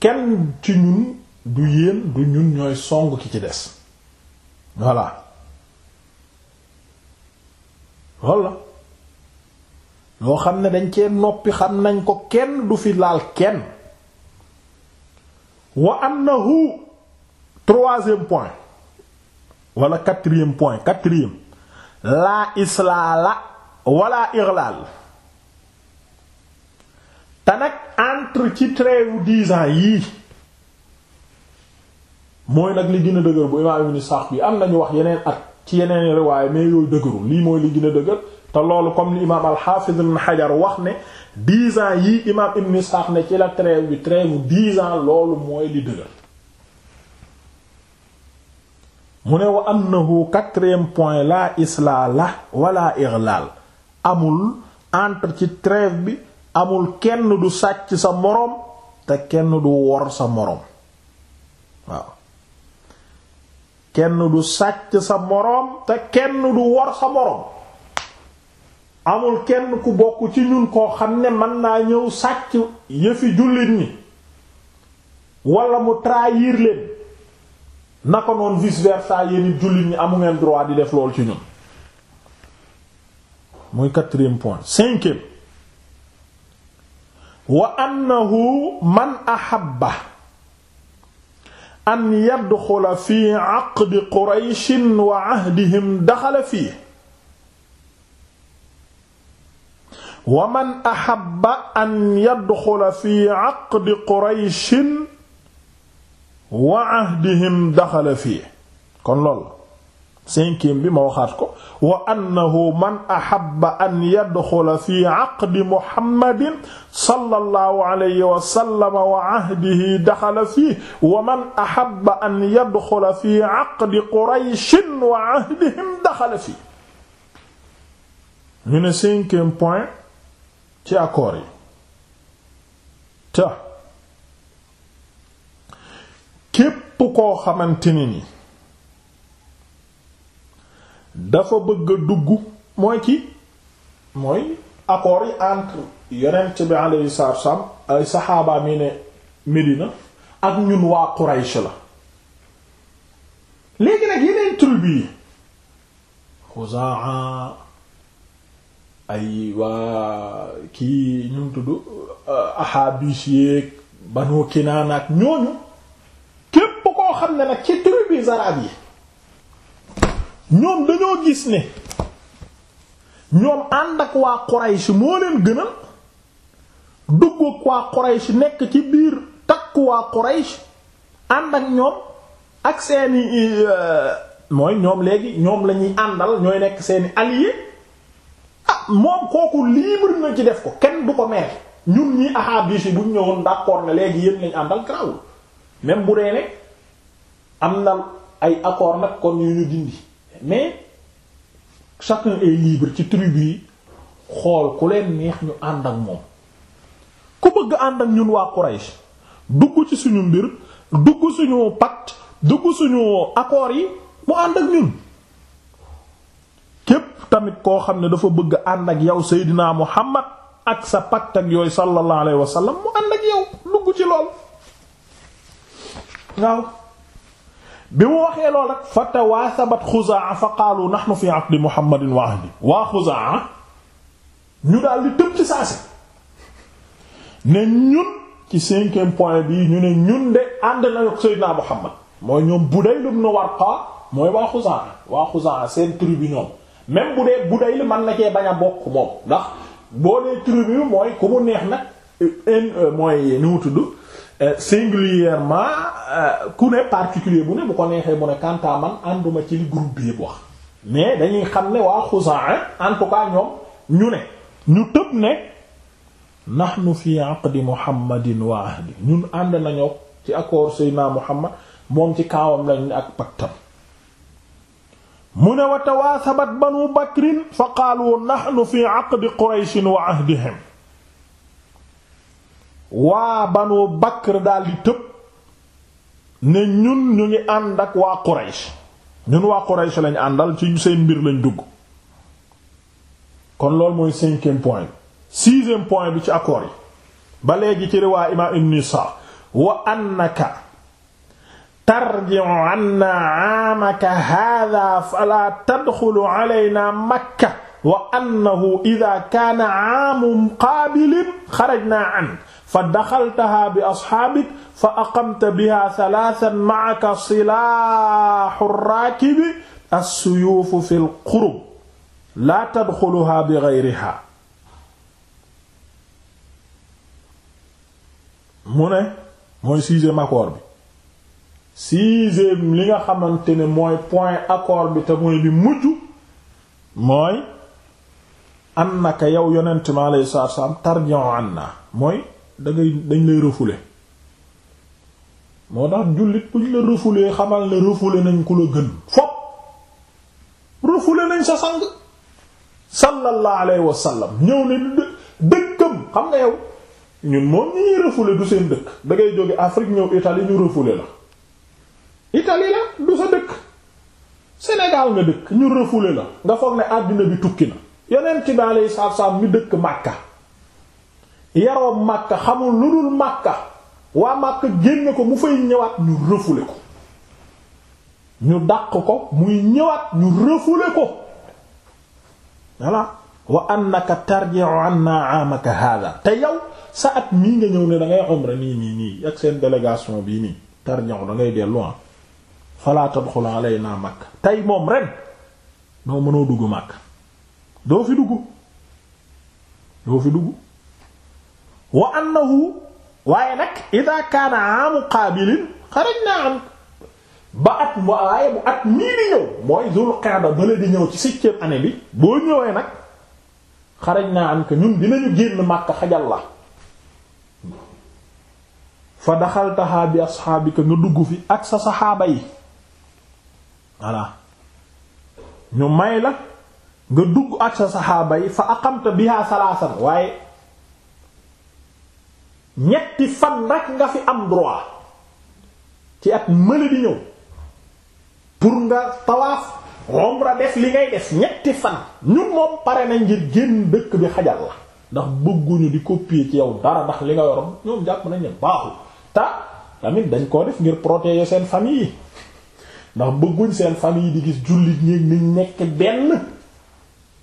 [SPEAKER 1] kenn ci ñun du yéen du ñun ñooy song ki ci des voilà walla loo xam ne dañ cee noppi xam nañ ko kenn du fi laal kenn wa annahu troisième point wala quatrième point quatrième laa islaala wala irlaal te nag entre ci treewu dix ans yii mooy nag li gën a dëgër bu imaam ibn Sa'd bi am nañu wax yeneen at ci yeneen riwaaye mais yooyu dëgërul lii mooy li gën a dëgër te loolu comme li imaam al-Hafiz ibn wax ne dix ans yii imaam ibn Sa'd ne ci la trêve bi trêve dix ans loolu mooy li dëgër mu ne wa annahu quatrième point la islaa la wala ighlal amul entre ci trêve bi amul kenn du sàcc sa moroom te kenn du wor sa moroom sàcc sa moroom te kenn du wor sa moroom amul kenn ku bokk ci ñun koo xam ne mën naa ñëw sàcc yëfi jullit ñi walla mu trahir leen na ko noonu vice versa yéen it jullit ñi amu ngeen droit di def lool ci ñun wa annahu man ahabba an yadxula fi aqdi qurayshin wa ahdihim daxala fii wa man ahabba an yadxula fi aqdi qurayshin wa ahdihim daxala fii kon lool cinquième bi ma waxaat ko wa annahu man ahabba an yadxula fi aqdi muhammadin sallallahu alayhi wa sallam wa ahdihi daxala fii wa man ahabba an yadxula fi aqdi qurayshin wa ahdihim daxala fii ñu ne cinquième point ci accord yi ta képp koo xamante ne ni dafa bëgg a dugg mooy ci mooy accord yi entre yonent bi alayhi salaatu ay saxaabaam yi ne Medina ak ñun waa Quraysh la léegi nag yeneen tribu yi Xuzaa ay waa kii ñu tudd Ahabish yeek Banu Kinaana ak ñooñu xam ne nag ci tribus arabes yi ñoom dañoo gis ne ñoom ànd ak waa Quraysh moo leen gënal dugg ak waa Quraysh nekk ci biir takk waa Quraysh ànd ak ñoom ak seeni euh, mooy ñoom léegi ñoom la ñuy àndal ñooy nekk seeni alliés ah moom kooku libre na ci def ko kenn du ko mere ñun ñii ahaabis yi buñ ñëwoon d'accord ne léegi yéen lañ àndal grawul même bu dee ne am na ay accord nag kon yu ñu dindi mais chacun est libre ci tribu yi xool ku leen neex ñu ànd ak moom ku bëgg ànd ak ñun waa Quraysh dugg ci suñu mbir dugg suñu pacte dugg suñu accords yi mu ànd ak ñun képp tamit koo xam ne dafa bëgg ànd ak yow Seydina Muhammad ak sa pacte ak yooyu sallallahu alayhi wa sallam mu ànd ak yow dugg ci lool waaw bi mu waxee lool rek fa tawaasabat xuzaa fa qaalu nahnu fi aqdi muhammadin wa ahdi waa xuzaa ñu daal di tëb ci saasi ne ñun ci cinquième point bi ñu ne ñun de ànd nañu sayyidina muhammad mooy ñoom Budayl ibn Warqa mooy waa xuzaa waa xuzaa seen tribu ñoom même bu dee Budayl man na cee bañ a bokk moom ndax boo dee tribu mooy ku mu neex nag euh, mooy nu mu tudd Euh, singulièrement euh, ku ne particulier bu ne bu ko neexee bu ne kantaa ànduma ci li groupe bi yëpp wax mais dañuy xam ne waa Xuzaa en tout ñoom ñu ne ñu tëb ne nahnu fi aqdi Muhammadin ànd nañoo ci accord Seydina Muhammad moom ci kaawam lañ ne ak pactam mu ne wa tawaasabat banu Bakrin fa qaalu nahnu fi aqdi Qurayshin wa ahdihim waa banu Bakr daldi tëb ne ñun ñu ngi ànd ak waa Quraysh ñun waa Quraysh lañ àndal ci seen mbir lañ dugg kon loolu mooy cinquième point sixième point bi ci accord yi ba léegi ci riwaa imaam Ibn Isa wa annaka tarji'u anna Makka wa annahu idhaa kaana 'aamun qaabilin xarajnaa 'anka fa daxaltaha bi asxaabik fa aqamta biha salaasan ma'aka silaaxu raakibi as-suyuufu fil qurub laa tadxuluha bi gayriha mu mooy sixième accord bi sixième bi mujj mooy annaka yow yonent mi alayhi anna mooy dangay dañ lay rëfule moo tax jullit buñ la refoulé xamal ne refoulé nañ ku la gën fop refoulé nañ sa sang sallallahu alayhi wa sallam ñëw ne dëkkam xam nga yow ñun moom ñuy refoulé du seen dëkk dangay jóge Afrique ñëw Italie ñu refoulé la Italie la du sa dëkk Sénégal nga dëkk ñu refoulé la nga foog ne àdduna bi tukki na yeneen ci daal yi saab saab mi dëkk Makka yaroo Makka xamul lu dul Makka waa Makka génne ko mu fay ñëwaat ñu refoulé ko ñu dàq ko muy ñëwaat ñu refoulé ko voilà wa annaka tarji'u anna amaka hada te yow sa at mii nga ñëw ne da ngay umra nii nii nii ak seen délégation bii nii tarji'u da ngay dellu ah fala tadxul alayna Makka tey moom ren noo mënoo dugg Makka doo fi dugg doo fi dugg wa waaye nag ida kaana amu qaabilin xarajna am ba at waaye bu at mii di ñëw mooy zul qa'da bala di ñëw ci septième année bi boo ñëwee nag xarajna am que ñun dinañu génn Makka xajal la fa daxaltaha bi asxaabika nga dugg fi ak sa saxaaba yi voilà ñu may la nga dugg ak sa saxaaba yi fa aqamta biha salaasan waaye ñetti fan rek nga fi am droit ci at mële di ñëw pour nga tawaaf umra def li ngay def ñetti fan ñun moom pare na ngir génn dëkk bi xajal la ndax bëgguñu di copier ci yow dara ndax li nga yoroon ñoom jàpp nañ ne baaxul ta tamit dañ koo def ngir protéger seen fami yi ndax bëgguñ seen famille di gis jullit ñéeg ni nekk benn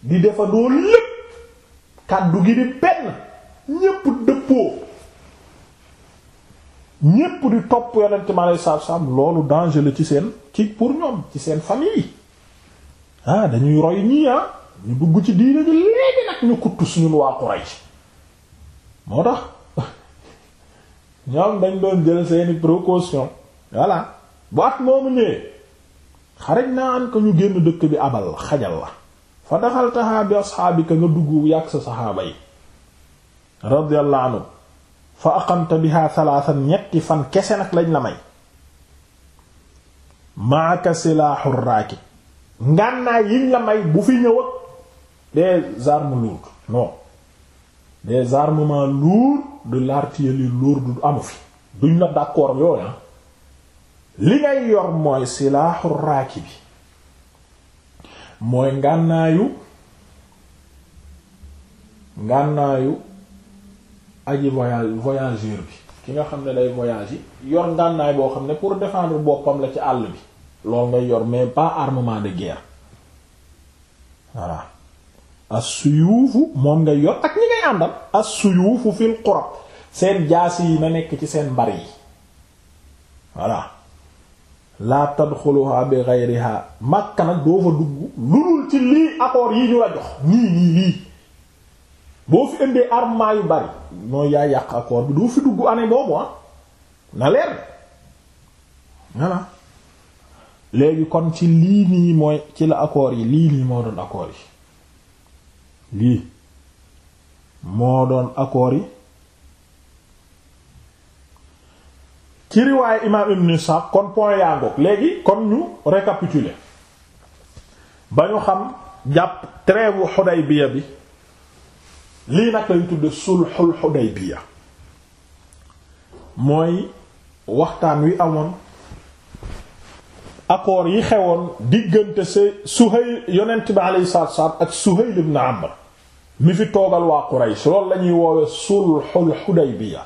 [SPEAKER 1] di defandoo lépp kàddu gi di benn ñépp dëppoo ñépp di topp yonent mi aleyhi salaatu loolu danger la ci seen ci pour ñoom ci seen famille ah dañuy roy ñii ah ñu dugg ci diine ji léegi nag ñu kuttu suñu waa Quraysh moo tax <laughs> ñoom dañ doon jël seeni précaution voilà bu at moomu ñëwee xaraj naa am ko ñu génn dëkk bi abal la xajal la fa daxaltaha bi asxaabika nga dugg yàgg sa saxaaba yi radiyallahu anhu fa aqamta biha thalathan ñetti fan kese nag lañ la may maaka silaaxu raakib ngànnaay yiñ la may bu fi ñëw ak des armes lourdes non des armements lourds de l'artillerie lourde du amu fi duñ la d'accord yooyu ah. li ngay yor mooy silaaxu raakib bi mooy ngànnaayu ngànnaayu aji voyage voyageur bi ki nga xam ne day voyage yi yor ngànnaay boo xam ne pour défendre boppam la ci àll bi loolu ngay yor mais pas armement de guerre voilà as moom ngay yor ak ñi ngay àndal as fil qurab seen jaasi yi na nekk ci seen mbar yi voilà la tadxuluha bi ghayriha Makka nag doo fa dugg lu dul ci lii accord yi ñu la jox nii nii lii boo fi indee armement yu bari mooy yàq accord bi doo fi dugg année boobu ah. na leer voilà léegi kon ci lii nii mooy ci la accord yi lii nii moo doon accord yi lii moo doon accord yi ci riwaaye imaam ibn Ishaq kon point yaa ngoog léegi kon ñu récapituler ba ñu xam jàpp trêve Hudaybiya bi lii nag lañ tudde sulxul xudaybiya mooy waxtaan wi amoon accord yi xewoon diggante sa Suhayl yonent bi alayhi salaatu salaam ak Amr mi fi toogal waa Quraysh loolu lañuy woowe sulxul xudaybiya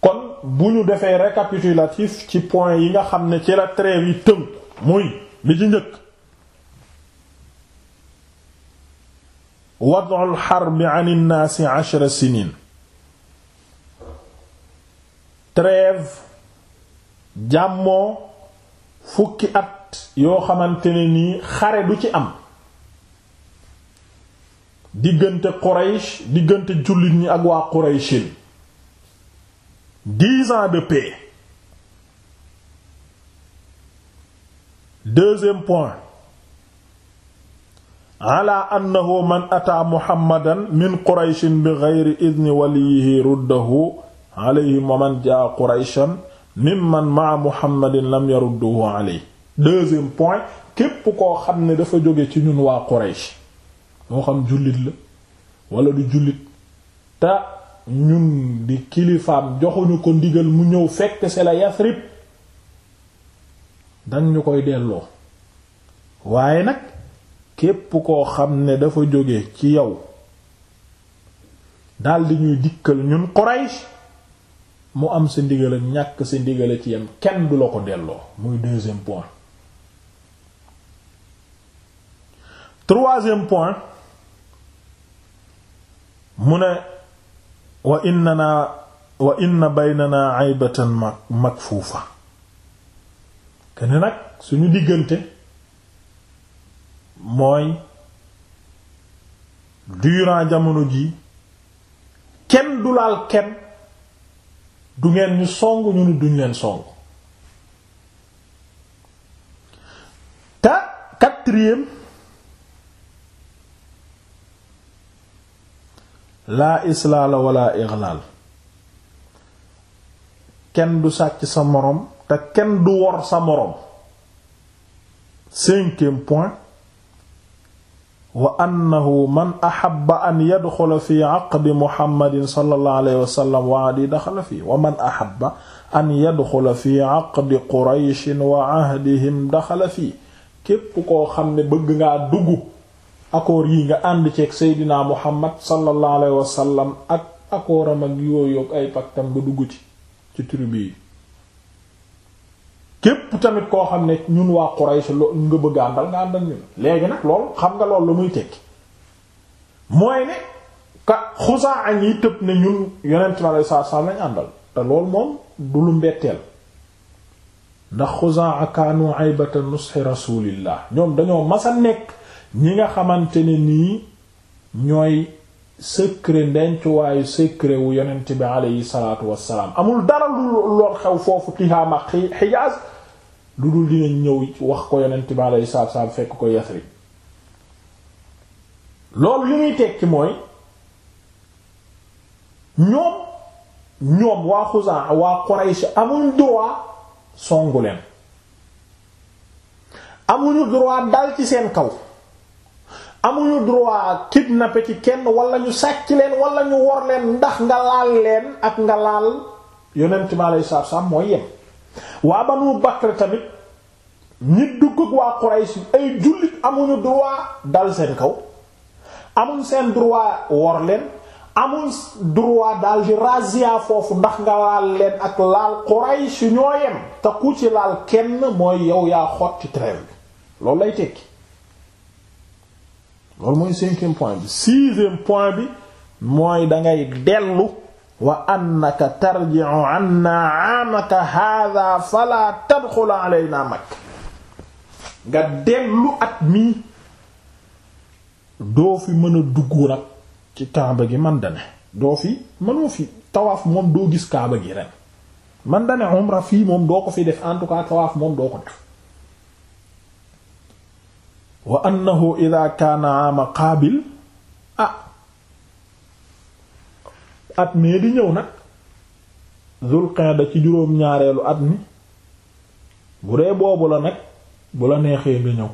[SPEAKER 1] kon bu ñu defee récapitulatif ci point yi nga xam ne ci la trêve yi tënk muy li ci njëkk wadu alxarbi an innaasi ashra sinin trêve jàmmoo fukki at yoo xamante ni xare du ci am diggante Quraysh diggante jullit ñi ak waa Qurayshin dix deuxième point ala annahu man ataa muhammadan min qurayshin bi geyri idni waliyihi ruddahu point képp koo xam ne dafa jóge ci ñun waa quraysh moo xam jullit la wala du jullit te ñun di kilifaam joxuñu ko ndigal mu ñëw fekk si la yasrib koy delloo waaye nag képp koo xam ne dafa jóge ci yow daldi ñuy dikkal ñun Quraysh mu am sa ndigal ñàkk sa ndigal ci yam kenn du la ko delloo muy deuxième point troisième point mu ne wa na naa wa inna baynanaa aybatan makfuufa kenn nag suñu diggante mooy durant jamono ji kenn du laal kenn du ngeen ñu song ñu ni duñ leen song te quatrième laa islaala wala ighlaal kenn du sàcc sa moroom te kenn du wor sa moroom cinquième point wa annahu man axabba an yadxula fi caqdi muhammadin sallallahu alayhi wa sallam wa ahdi daxala fii wa man axabba an képp koo xam ne bëgg ngaa dugg accord yi nga ànd ceeg seydinaa muhammad sallallahu alayhi wa ak accordam ak yooyu ay pactam ba dugg ci ci tribu képp tamit koo xam ne ñun waa Quraysh lo nga bëgg a àndal nga àndal ñun léegi nag lool xam nga lool lu muy tekki mooy ne ka xusaan añ yi tëb ne ñun yonent mi alei satu salaam àndal te lool moom du lu ndax xusaan kaanu aybata nushi rasulillah ñoom dañoo mas nekk ñi nga xamante ne nii ñooy secret ndencuwaayu secret wu yonent bi aleyhi amul dara lu lool xew foofu tihaama xijaas lu dul dinañ ñëw wax ko yonent bi alayhi salaatu salaam fekk ko Yasrib loolu li muy tekki mooy ñoom ñoom waa Xuzaa waa Quraysh amuñ droit songu leen amuñu droit dal ci seen kaw amuñu droit kidnapper ci kenn wala ñu sàcc leen walla ñu wor leen ndax nga laal leen ak nga laal yonent bi alayhi salaatu salaam mooy yem waa Banu Bakr tamit nit dugg ak waa Quraysh ay jullit amuñu droit dal seen kaw amuñ seen droit wor leen amuñ droit daal di razzia foofu ndax nga laal leen ak laal Quraysh ñoo yem te ku ci laal kenn mooy yow yaa xotti trêve bi loolu lay tekki loolu mooy cinquième point bi sixième point bi mooy da dellu wa annaka tarji'u anna 'amaka hadha fala tadxul alayna Makka nga dellu at mii doo fi mën a dugg rak ci kaaba gi man dane doo fi mënoo fi tawaaf moom doo gis kaaba gi ren man dane umra fii moom doo ko fi def en tout cas tawaaf moom doo ko def wa annahu idha kana ama qaabil at mee di ñëw nag zul qa'da ci juróom ñaareelu at mi bu dee boobu la nag bu la neexee nga ñëw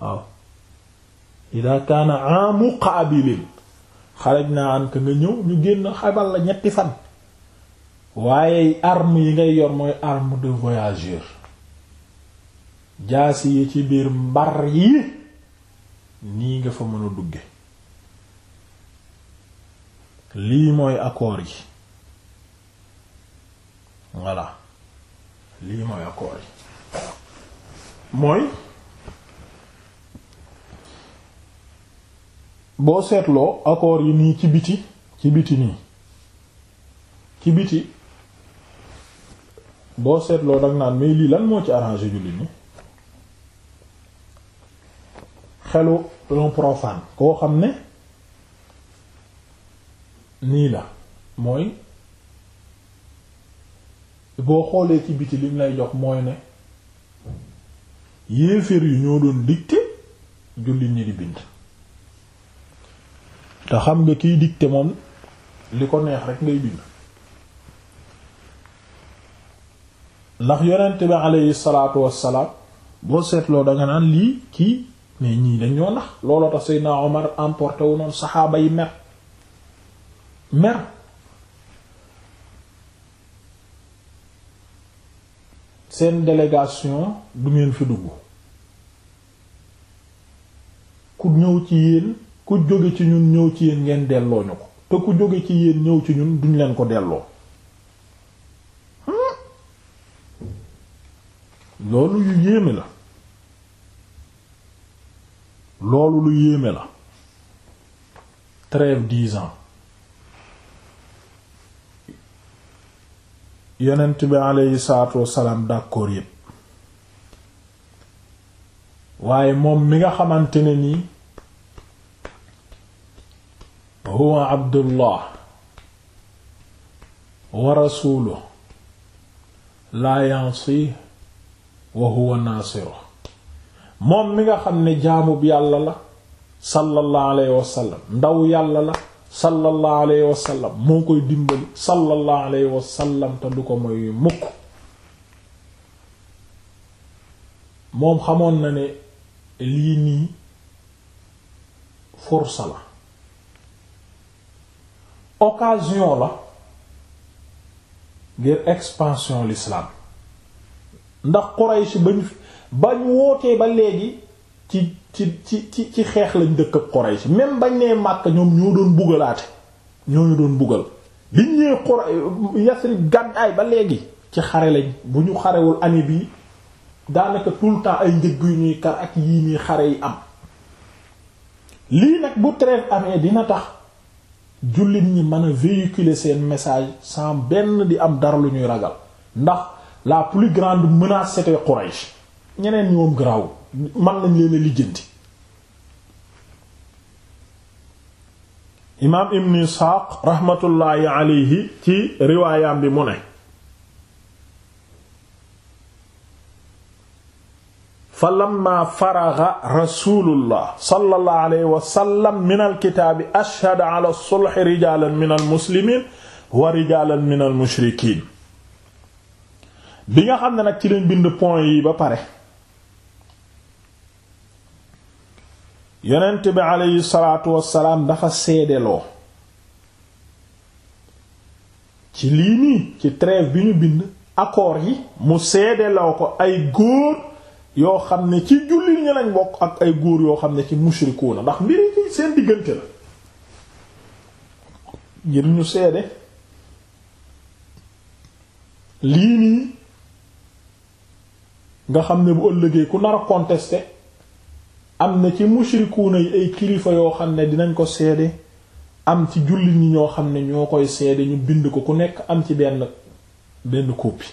[SPEAKER 1] waaw ida kaana amu qaabilin xaraj naa an ka nga ñëw ñu génn xabal la ñetti fan waaye arme yi ngay yor mooy arme de voyageur jaasi yi ci biir mbar yi nii nga fa mën a dugge lii mooy accord yi voilà lii mooy accord yi mooy boo seetloo accord yi nii ci biti ci biti nii ci biti boo seetloo dag naan mais lii lan moo ci arrangé jullit ni xelu l'on koo xam ne nii la mooy boo xoolee ci biti lim lay jox mooy ne yéeféer yu ñoo doon dicté jullit ñi di bind te xam nga kiy dicté moom li ko neex rek ngay bind ndax yonent bi alayhi salaatu wassalaam boo seetloo danga naan lii kii mais ñii dañ ñoo nax looloo tax Seydina Omar emporté wu noonu saxaaba yi mer mer seen délégation du ngeen fi dugg ku ñëw ci yéen ku jóge ci ñun ñëw ci yéen ngeen delloo ñu ko te ku jóge ci yéen ñëw ci ñun duñ leen ko delloo hmm? loolu yu yéeme la loolu lu yéeme la trêve dix ans yonent bi aleyhi salaatu wassalaam d'accord yépp waaye moom mi nga xamante ne nii huwa abdullah wa rasuluhu laa yansi wa huwa naasiru moom mi nga xam ni jaamub yàlla la sallallahu alayhi ndaw yàlla la sallallahu alayhi wa sallam moo koy dimbali sallallahu alayhi wa te du ko mooy mukk moom xamoon na ne lii nii forsa la occasion la ngir expansion l'islam ndax Quraysh ba ñu ba ñu wootee ba léegi ci ci ci ci ci xeex lañ dëkk ak Quraysh même bañ nee Makka ñoom ñoo doon bugalaate ñoo ñu doon bugal liñ ñëwee Quraysh Yasrib gàddaay ba léegi ci xare lañ bu ñu xarewul année bi daanaka tout le ay njëg yu ñuy kar ak yii nii xare yi am lii nag bu trêve amee dina tax jullit ñi mën a véhiculer seen message sans benn di am dara lu ñuy ragal ndax la plus grande menace c'était Quraysh ñeneen ñoom garaawul mën nañ leen a lijjanti imaam ibn isxaaq raxmatullaahi aleyhi ci riwaayam bi mu ne fa lamma faraga rasulullah sallallahu alayhi wa sallam min alkitaabi ashhada ala sulxi min almuslimiin wa rijaalan min almushrikiin bi nga xam ne nag ci leen bind point yi ba pare yonent bi aleyhi salaatu wassalaam dafa seedeloo ci lii nii ci trêve bi ñu bind accord yi mu seedeloo ko ay góor yoo xam ne ci jullit ñi bokk ak ay góor yoo xam ne ci mushrikuuna ndax mbiri ci seen diggante la ngir ñu seede lii nii nga xam ne bu ëllëgee ku nar a contester am na ci mushrikuuna yi ay kilifa yoo xam ne dinañ ko seede am ci jullit ñi ñoo xam ne ñoo koy seede ñu bind ko ku nekk am ci benn benn copie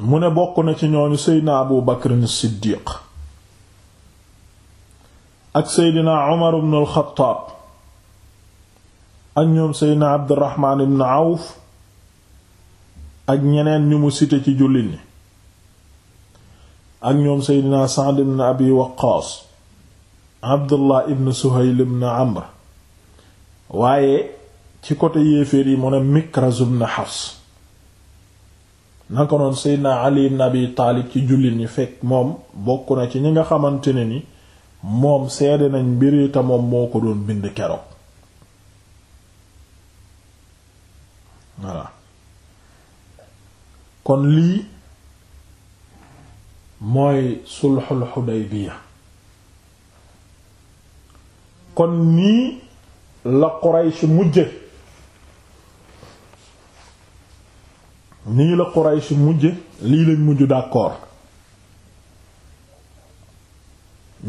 [SPEAKER 1] mu ne bokk na ci ñooñu seydina abu bakr as ak seydina umar ibn al ak ñoom seydina abdurrahman ibn awf ak ñeneen ñu mu cité ci jullit ñi ak ñoom seydina Sa'd ibn Abi Waqqaas Abdullah ibn Suhayl ibn Amr waaye ci côté yéeféer yi mu ne Mikraz ibn Hafs naka noonu seydina Ali ibn Abi Taalib ci jullit ñi fekk moom bokk na ci ñi nga xamante ni moom seede nañ mbir yi te moo ko doon bind keroog voilà kon lii mooy sulxul xudaybiya kon nii la Quraysh mujje nii la Quraysh mujje lii lañ mujj d'accord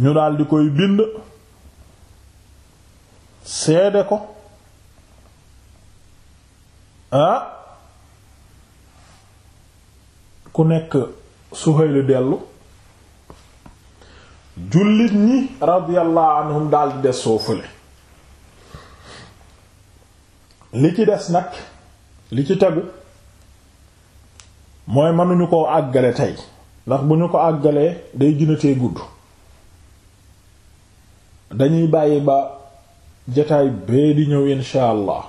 [SPEAKER 1] ñu daldi koy bind seede ko ah ku nekk Suhayl dellu jullit ñi radiyallahu anhum daldi des soo fële li ci des nag li ci tegu mooy mënuñu koo àggale tey ndax bu ñu ko àggalee day gënatee gudd dañuy bàyyi ba jataay bee di ñëw insha allah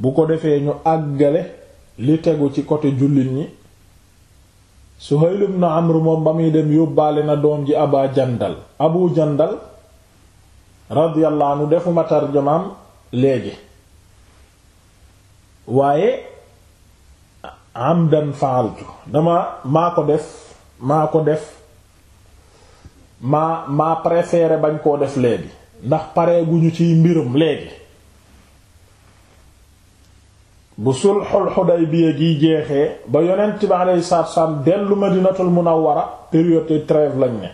[SPEAKER 1] bu ko defee ñu àggale li tegu ci côté jullit ñi Suhayl ibn Amr moom ba muy dem yóbbaale na doom ji Aba Jandal Abu Jandal radiyallahu defuma tarjamaam léegi waaye amdan faaltu dama maa ko def maa ko def maa maa préféré bañ koo def léegi ndax pare gu ñu ciy mbirum léegi bu sulxul Xudaybiya yi jeexee ba yonent bi alayhi salaatu wassalaam dellu Madinatul Munawwara période de trêve lañ ne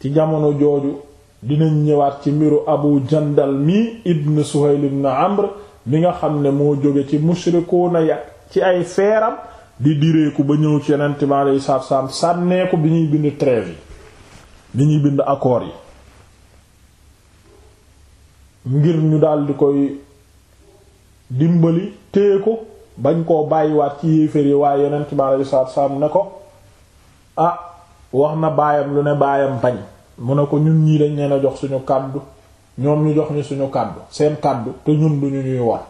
[SPEAKER 1] ci jamono jooju dina ñëwaat ci mbiru Abu Jandal mi ibn Suhayl ibn Amr mi nga xam ne moo jóge ci mushrikuuna ya ci ay feeram di direeku ba ñëw ci yonent bi alayhi salaatu sànneeku bi ñuy bind trêve yi bi ñuy bind accord yi ngir ñu daldi koy dimbali téye ko bañ koo bàyyiwaat ci yéeféer yi waaye yonent bi alayhi salaatu salaam ne ko ah wax na baayam lu ne baayam bañ mu ne ko ñun ñii dañ leen a jox suñu kàddu ñoom ñu jox ñu suñu kàddu seen kàddu te ñun duñu ñuy war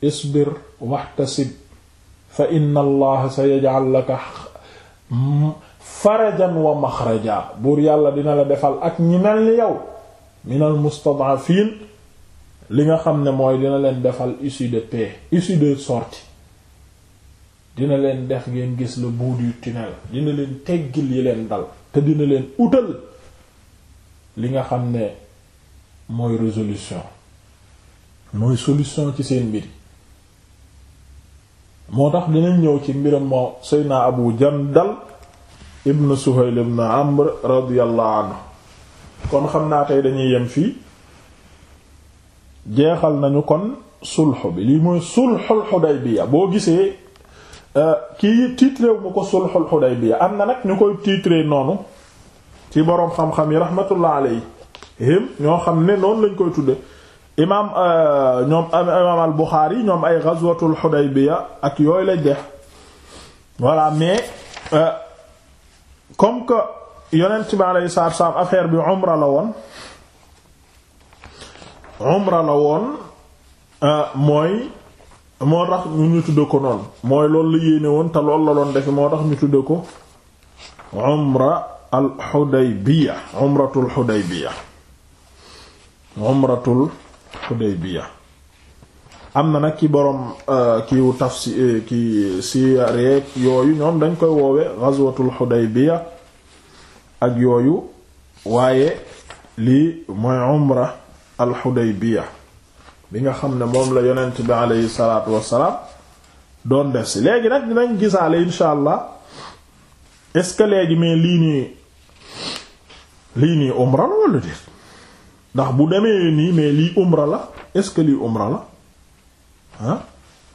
[SPEAKER 1] isbir waxtasib fa inna allaha sa yaj'al laka farajan wa maxraja buur yàlla dina la defal ak ñi mel ni yow minal mustad'afiin li nga xam ne mooy dina leen defal issue de paix issue de sortie dina leen def ngeen gis le bout du tunnel dina leen teggil yi leen dal te dina leen utal li nga xam ne mooy résolution mooy solution ci seen mbir moo tax dinañ ñëw ci mbiram moo Seydina Abu jan dal ibn Suhayl ibn Amr radiyallahu anhu kon xam naa tey dañuy yem fii jeexal nañu kon sulx bi lii mooy sulxul xudaybiya boo gisee euh, kii titre wu mu ko sulxul xudaybiya am na nag ñu koy titre noonu ci boroom xam-xam yi rahmatullah alayhi him ñoo xam ne noonu lañ koy tudde imaam euh, ñoom imaam al Buxaari ñoom ay ghazwatul xudaybiya ak yooyu lañ de voilà mais euh, comme que yonent bi alayhi salaam affaire bi umra la woon umra la euh, mooy moo tax ñu tudde ko noonu mooy loolu la yéene woon te loolu la doon defe moo tax ñu tudde ko umra al xudaybiya umratul xudaybiya umratul xudaybiya am na nag ki borom euh, kiiwu tafsi euh, ki siyareek yooyu ñoom dañ koy woowe ghazwatul xudaybiya ak yooyu waaye lii mooy umra alxudaybiya bi nga xam ne moom la yonent bi aleyhi salaatu wassalaam doon def si léegi nag dinañ gisaale insha allah est-ce que lii nii lii nii umra la walla déet ndax bu demee nii mais lii umra la est-ce que lii umra la ah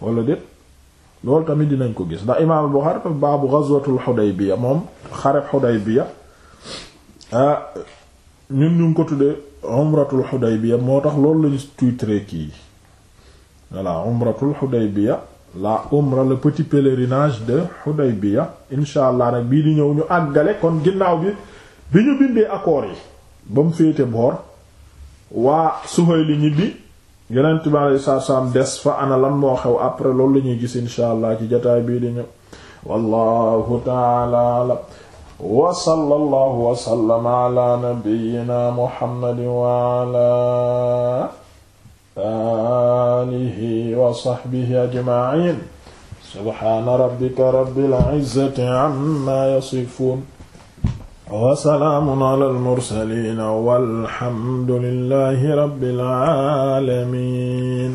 [SPEAKER 1] walla déet loolu tamit dinañ ko gis ndax imaam Buxaari baabu ghazwatul Hudaybiya moom xareb Hudaybiya ah, ñun ñu ngi ko tuddee umratul Hudaybiya moo tax loolu lañu titré kii voilà umratul Hudaybiya la umra le petit pèlerinage de bi incha allah nag bii di ñëw ñu àggale kon ginnaaw bi bi ñu bindee accord yi ba mu féete boor waa Suhayli ñibbi yonent bi alayhi salaatu salaam des fa ana lan moo xew après loolu la ñuy gis incha allah ci jotaay bii di ñëw wallahu taala wa sallallahu wa sallama ala nabiyyina muhammadin wa ala alihi wa sahbihi ajma'in subhana rabbika rabbil izzati amma yasifun wa salaamun ala al-mursaliin walhamdulillahi rabbil aalamiin